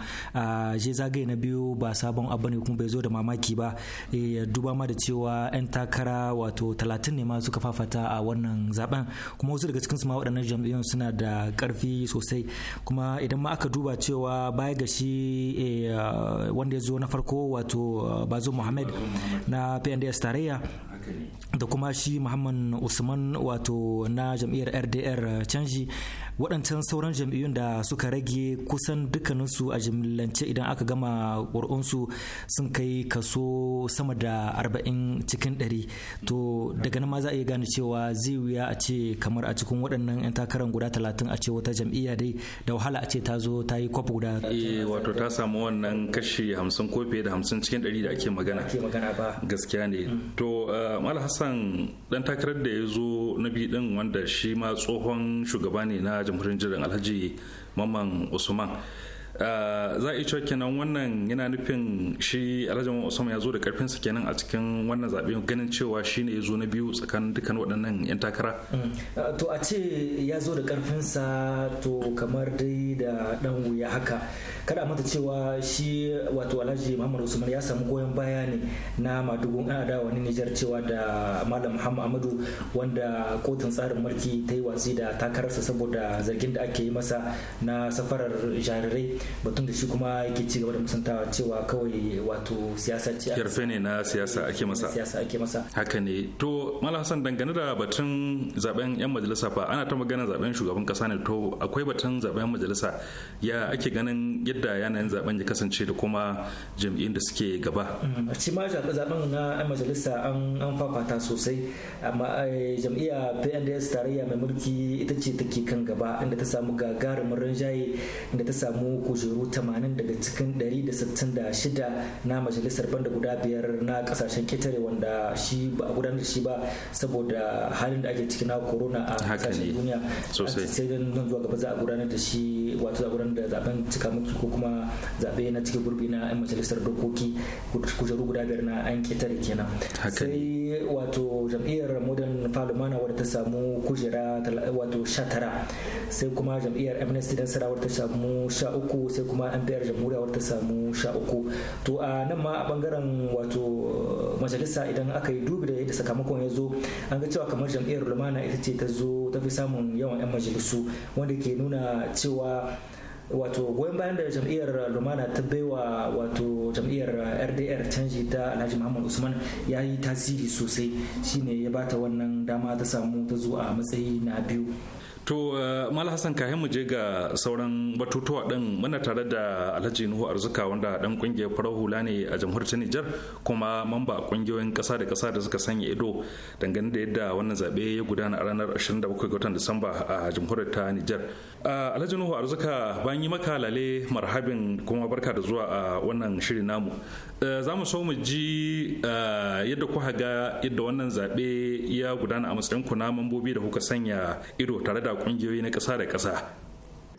je zagaye na biyu ba sabon abu ne kuma bai zo da mamaki ba eh, duba ma da cewa 'yan takara wato 30 ne ma suka fafata a wannan zaben kuma wasu daga cikinsu ma waɗannan jam'iyyun suna da ƙarfi sosai kuma idan ma aka duba cewa baya ga shi eh, wanda ya zo na farko wato eh, bazo muhammad na pnds tarayya da kuma shi muhammad usman wato na jam'iyyar rdr canji waɗancan sauran jam'iyyun da suka rage kusan dukkaninsu a jimillance idan aka gama ƙuri'unsu sun kai kaso sama da arba'in cikin ɗari to daga nan ma za a iya gane cewa zai wuya a ce kamar a cikin waɗannan 'yan takarar guda talatin a ce wata jam'iyya dai da wahala a ce ta zo ta yi kwafi guda eh, wato ta samu wannan kashi hamsin ko fiye da hamsin cikin ɗari da ake magana gaskiya ne mm. to eh, mal hassan dan takarar da ya zo na biyu din wanda shi ma tsohon shugaba ne na na jamhuriyar jiran alhaji mamman usman Eh, za a yi cewa kenan wannan yana nufin shi alhaji usman ya zo da karfinsa kenan a cikin wannan zaɓe ganin cewa shi ne ya zo na biyu tsakanin dukkan waɗannan 'yan takara mm. eh, to a ce ya zo da karfinsa to kamar dai da ɗan wuya haka kada a mata cewa shi wato alhaji muhammad usman ya samu goyon baya ne na madugun Ana adawa ne nijar cewa da malam muhammad amadu wanda kotun tsarin mulki ta yi watsi da takararsa saboda zargin da ake yi masa na safarar jarirai batun da shi kuma yake ci gaba da musantawa cewa kawai wato siyasa ce karfe ne na siyasa ake masa siyasa ake masa haka ne to mala hasan dangane da batun zaben yan majalisa fa ana ta magana zaben shugaban kasa ne to akwai batun zaben majalisa ya ake ganin yadda yanayin zaben ya kasance da kuma jam'iyyun da suke gaba mm, a ci ma zaben na yan majalisa an fafata sosai amma eh, jam'iyya PNDS tarayya mai mulki ita ce take kan gaba inda ta samu gagarumin rinjaye inda ta samu kujeru 80 daga cikin 166 na majalisar banda guda biyar na kasashen ketare wanda shi ba gudanar da shi ba saboda halin da ake ciki na corona a kasashen duniya sai don nan zuwa gaba za a gudanar da shi wato za a gudanar da zaben cika mutu ko kuma zabe na cikin gurbi na majalisar dokoki kujeru guda biyar na an ketare kenan sai wato jam'iyyar modern falumana wadda ta samu kujera wato sha tara sai kuma jam'iyyar dan sara wadda ta samu sha uku sai kuma mpr jamhuriya wadda ta samu sha uku to a nan ma a bangaren wato uh, majalisa idan aka yi dubi da yadda sakamakon ya zo an ga cewa kamar jam'iyyar lumana ita ce ta zo ta fi samun yawan 'yan majalisu wanda ke nuna cewa wato goyon bayan da jam'iyyar lumana ta baiwa wato jam'iyyar rdr canji ta alhaji muhammad usman ya yi tasiri sosai shine ya bata wannan dama ta samu ta zuwa matsayi na biyu To eh, Mala Hassan kahin mu je ga sauran batutuwa din muna tare da Alhaji Nuhu Arzuka wanda dan kungiyar farar hula ne a jamhuriyar ta Nijar kuma mamba kungiyoyin kasa da kasa da suka sanya ido dangane da yadda wannan zabe ya gudana a ranar 27 ga watan Disamba a jamhuriyar ta Nijar. Eh, Alhaji Nuhu Arzuka bayan yi maka lale marhabin kuma barka da zuwa a wannan shiri namu. Eh, za mu so mu ji yadda kuka ga yadda wannan zabe ya gudana a matsayin ku na mambobi da kuka sanya ido tare da da kungiyoyi na ƙasa da ƙasa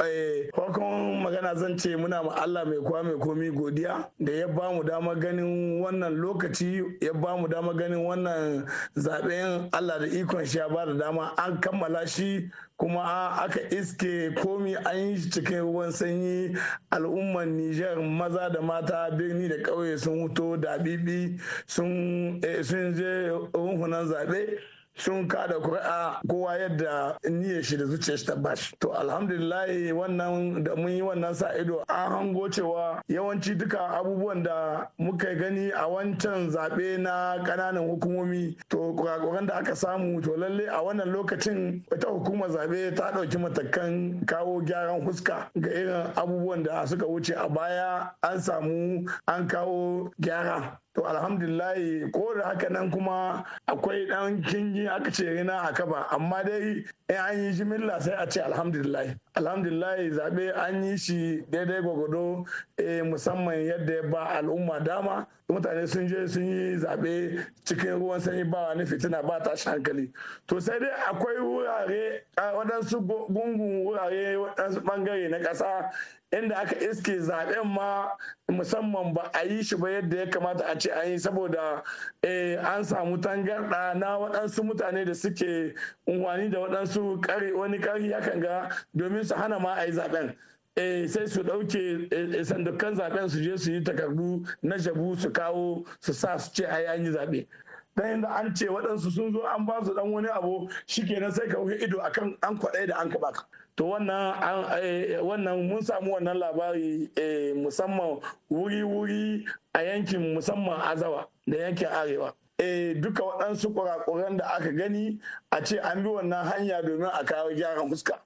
eh, farkon magana zan ce muna ma Allah mai kwa mai komi godiya da ya ba mu dama ganin wannan lokaci ya ba mu dama ganin wannan zaɓen Allah da ikon shi ya ba da dama an kammala shi kuma aka iske komi an yi cikin ruwan sanyi al'ummar Nijar maza da mata birni da ƙauye sun huto da bibi eh, sun je runhunan zaɓe. sun kada kuri'a kowa yadda niyyar shi da zuciya shi ta bashi to alhamdulillahi wannan da mun yi wannan sa ido an hango cewa yawanci duka abubuwan da muka gani a wancan zaɓe na ƙananan hukumomi to kurakuran da aka samu to lalle a wannan lokacin wata hukumar zaɓe ta ɗauki matakan kawo gyaran fuska ga irin abubuwan da suka wuce a baya an samu an kawo gyara to alhamdulillahi ko da haka nan kuma akwai dan kingi aka ce rina a kaba amma dai in an yi jimilla sai a ce alhamdulillahi alhamdulillahi zaɓe an yi shi daidai gwagwado eh, musamman yadda ya ba al'umma dama mutane sun je sun yi zaɓe cikin ruwan sanyi ba wani fitina ba tashi hankali to sai dai akwai wurare waɗansu gungun wurare waɗansu ɓangare na ƙasa inda aka iske zaɓen ma musamman ba a yi shi ba yadda ya kamata a ce an yi saboda eh, an samu tangarɗa na waɗansu mutane da suke unwani da waɗansu wani ƙari kan ga domin su hana ma a yi zaɓen Eh, sai su ɗauke eh, eh, sandukan zaben su je su yi takardu na jabu su kawo su sa su ce a yi zaɓe dan yadda an ce waɗansu sun zo an ba su dan wani abu shi shikenan sai ka wuce ido akan an kwaɗe da an ka to wannan mun samu wannan labari musamman wuri-wuri a yankin musamman azawa da yankin arewa eh duka waɗansu kurakuran da aka gani a ce an bi wannan hanya domin a kawo gyaran fuska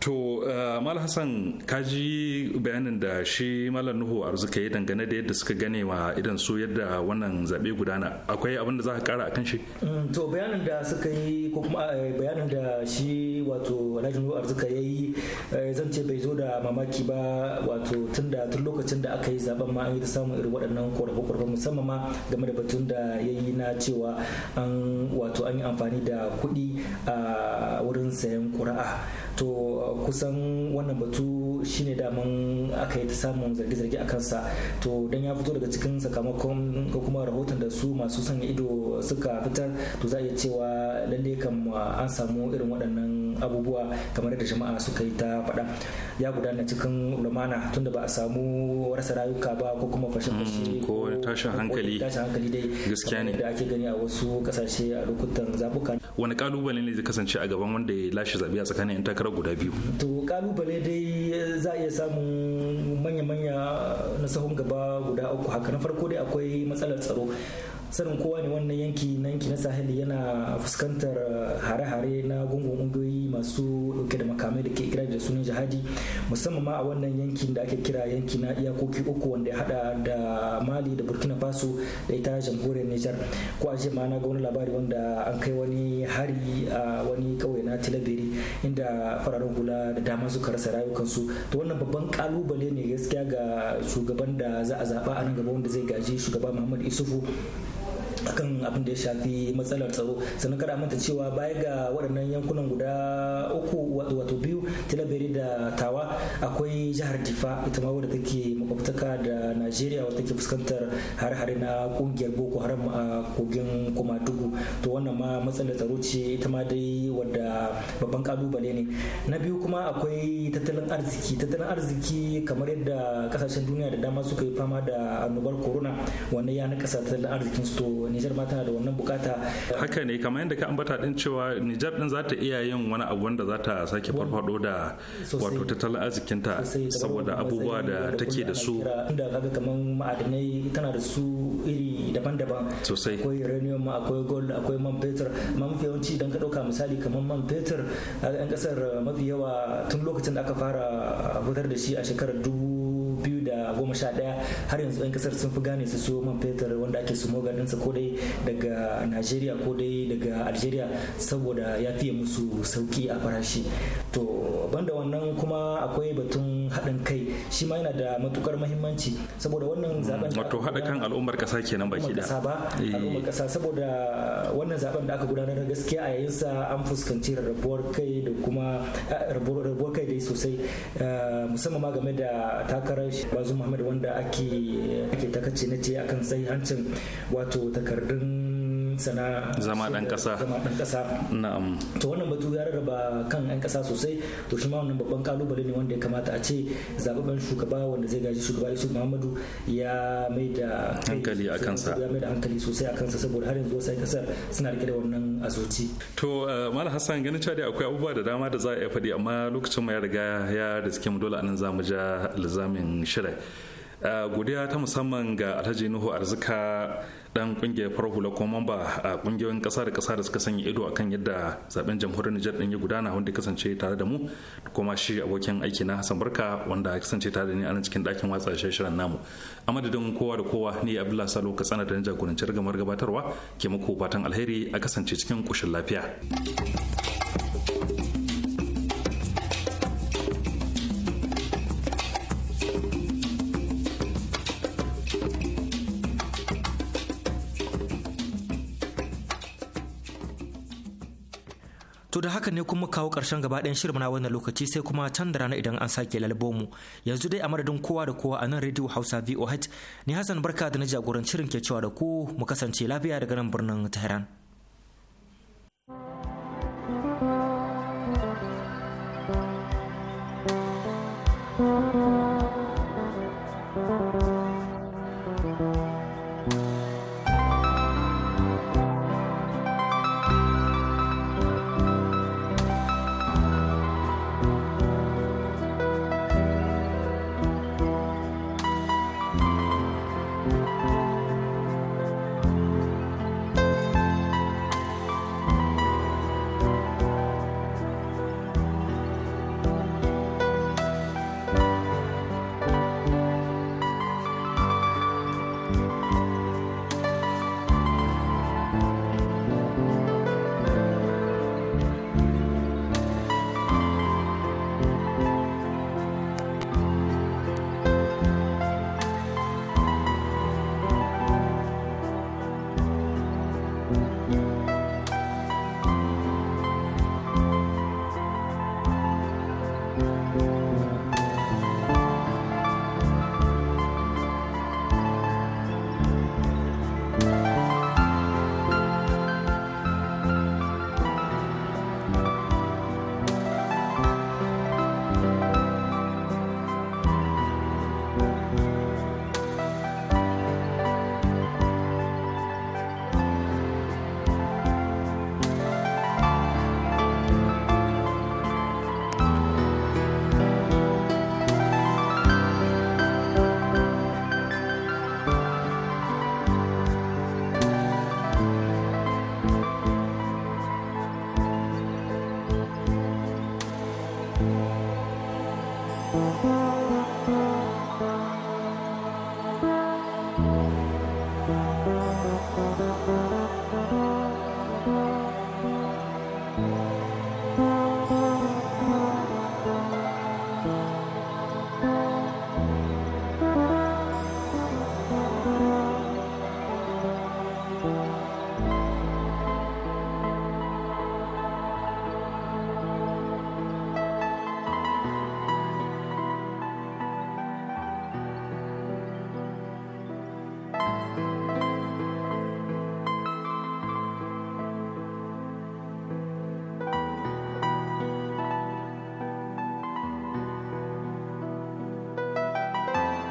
To eh, Mal Hassan kaji bayanin da shi Malam Nuhu arzika ya dangane da yadda suka gane wa idan su yadda wannan zaɓe gudana akwai abin da za ka kara kan shi? Mm, to bayanin da suka yi ko kuma eh, bayanin da shi wato Alhaji Nuhu arzika ya yi eh, zan ce bai zo da mamaki ba wato tun da tun lokacin da aka yi zaben ma an yi ta samun irin waɗannan korafe-korafe musamman ma game da batun da ya yi na cewa an wato an yi amfani da kuɗi a ah, wurin sayan ƙura'a To kusan wannan batu biyu shine daman aka yi ta samun zarge-zarge a kansa to don ya fito daga cikin sakamakon ko kuma rahoton da su masu sanya ido suka fitar to za a iya cewa lalle kam ah, an samu irin waɗannan abubuwa kamar da jama'a suka yi ta faɗa ya gudana cikin lumana tunda ba a samu rasa rayuka ba ko kuma fashe-fashe hmm, ko tashin hankali tashin hankali dai gaskiya ne da ake gani a wasu kasashe a lokutan zabuka wani kalubale ne zai kasance a gaban wanda ya lashe zabe a tsakanin yan takarar guda biyu to kalubale dai za a iya samun manya-manya na gaba guda uku haka na farko dai akwai matsalar tsaro sanin kowa ne wannan yanki na yanki na sahel yana fuskantar eh, hare-hare na gungun ungoyi masu dauke da makamai da ke kira da sunan jihadi musamman ma a wannan yankin da ake kira yanki na iyakoki uku wanda ya hada da mali da burkina faso da ita jamhuriyar niger ko a ma na ga wani labari wanda an kai wani hari a wani kauye na tilabiri inda fararen hula da dama suka rasa rayukansu to wannan babban kalubale ne gaskiya ga shugaban da za a zaba a nan gaba wanda zai gaji shugaba muhammad isufu akan abin da ya shafi matsalar tsaro sannan kada manta cewa baya ga waɗannan yankunan guda uku wato biyu tilabiri da tawa akwai jihar difa ita ma wadda take makwabtaka da najeriya wadda take fuskantar hare-hare na kungiyar boko haram a kogin kumadugu to wannan ma matsalar tsaro ce ita ma dai wadda babban kalubale ne na biyu kuma akwai tattalin arziki tattalin arziki kamar yadda kasashen duniya da dama suka yi fama da annobar corona wannan ya nakasa tattalin arzikin su to Nijar ma tana da wannan bukata haka ne kamar yadda ka ambata din cewa Nijar din za ta iya yin wani abu wanda za ta sake farfado da wato tattalin arzikinta saboda abubuwa da take da su inda kaga kamar ma'adanai tana da su iri daban-daban sosai akwai uranium akwai gold akwai man fetur ma mafi yawanci idan ka dauka misali kamar man fetur yan kasar mafi yawa tun lokacin da aka fara fitar da shi a shekarar dubu da goma sha ɗaya har yanzu 'yan kasar sun fi gane su siyo man fetur wanda ake moga sa ko dai daga Najeriya ko dai daga Algeria saboda ya fiye musu sauki a farashi. To banda wannan kuma akwai batun haɗin kai shi ma yana da matukar mahimmanci saboda wannan mm. zaben wato haɗa kan al'ummar ƙasa kenan baki da ba eh. al'ummar ƙasa saboda wannan zaben da aka gudanar gaskiya a yayin sa an fuskanci rarrabuwar kai da kuma eh, rarrabuwar kai dai sosai eh, musamman ma game da takarar bazu muhammad wanda ake ake takacce na ce akan sai hancin wato takardun sana zama dan kasa zama dan kasa na'am to wannan batu ya rarraba kan yan kasa sosai to shi ma wannan babban kalubale ne wanda ya kamata a ce zababben shugaba wanda zai gaji shugaba Yusuf Muhammadu ya mai da hankali a kansa ya mai da hankali sosai a kansa saboda har yanzu wasu kasar suna rike da wannan azoci to eh, malam Hassan ganin cewa akwai abubuwa da dama da za a iya faɗi amma lokacin mu ya riga ya da suke mu dole anan za mu ja lizamin shirai eh, godiya ta musamman ga Alhaji Nuhu Arzika dan kungiyar farar ko mamba a kungiyoyin kasa da kasa da suka sanya ido akan yadda zaben jamhuriyar Nijar din ya gudana wanda kasance tare da mu kuma shi abokin aiki na Hassan Barka wanda ya kasance tare da ni a nan cikin dakin watsa shirin namu a madadin kowa da kowa ni Abdullahi Salo ka tsana da jagoranci gamar gabatarwa ke muku fatan alheri a kasance cikin kushin lafiya. To da haka ne kuma kawo ƙarshen gaba ɗayan shirin na wannan lokaci sai kuma can da rana idan an sake mu Yanzu dai a madadin kowa da kowa a nan Radio Hausa VOH ni Hassan Barka da na jagoranci shirin cewa da ku mu kasance lafiya daga nan birnin Tehran.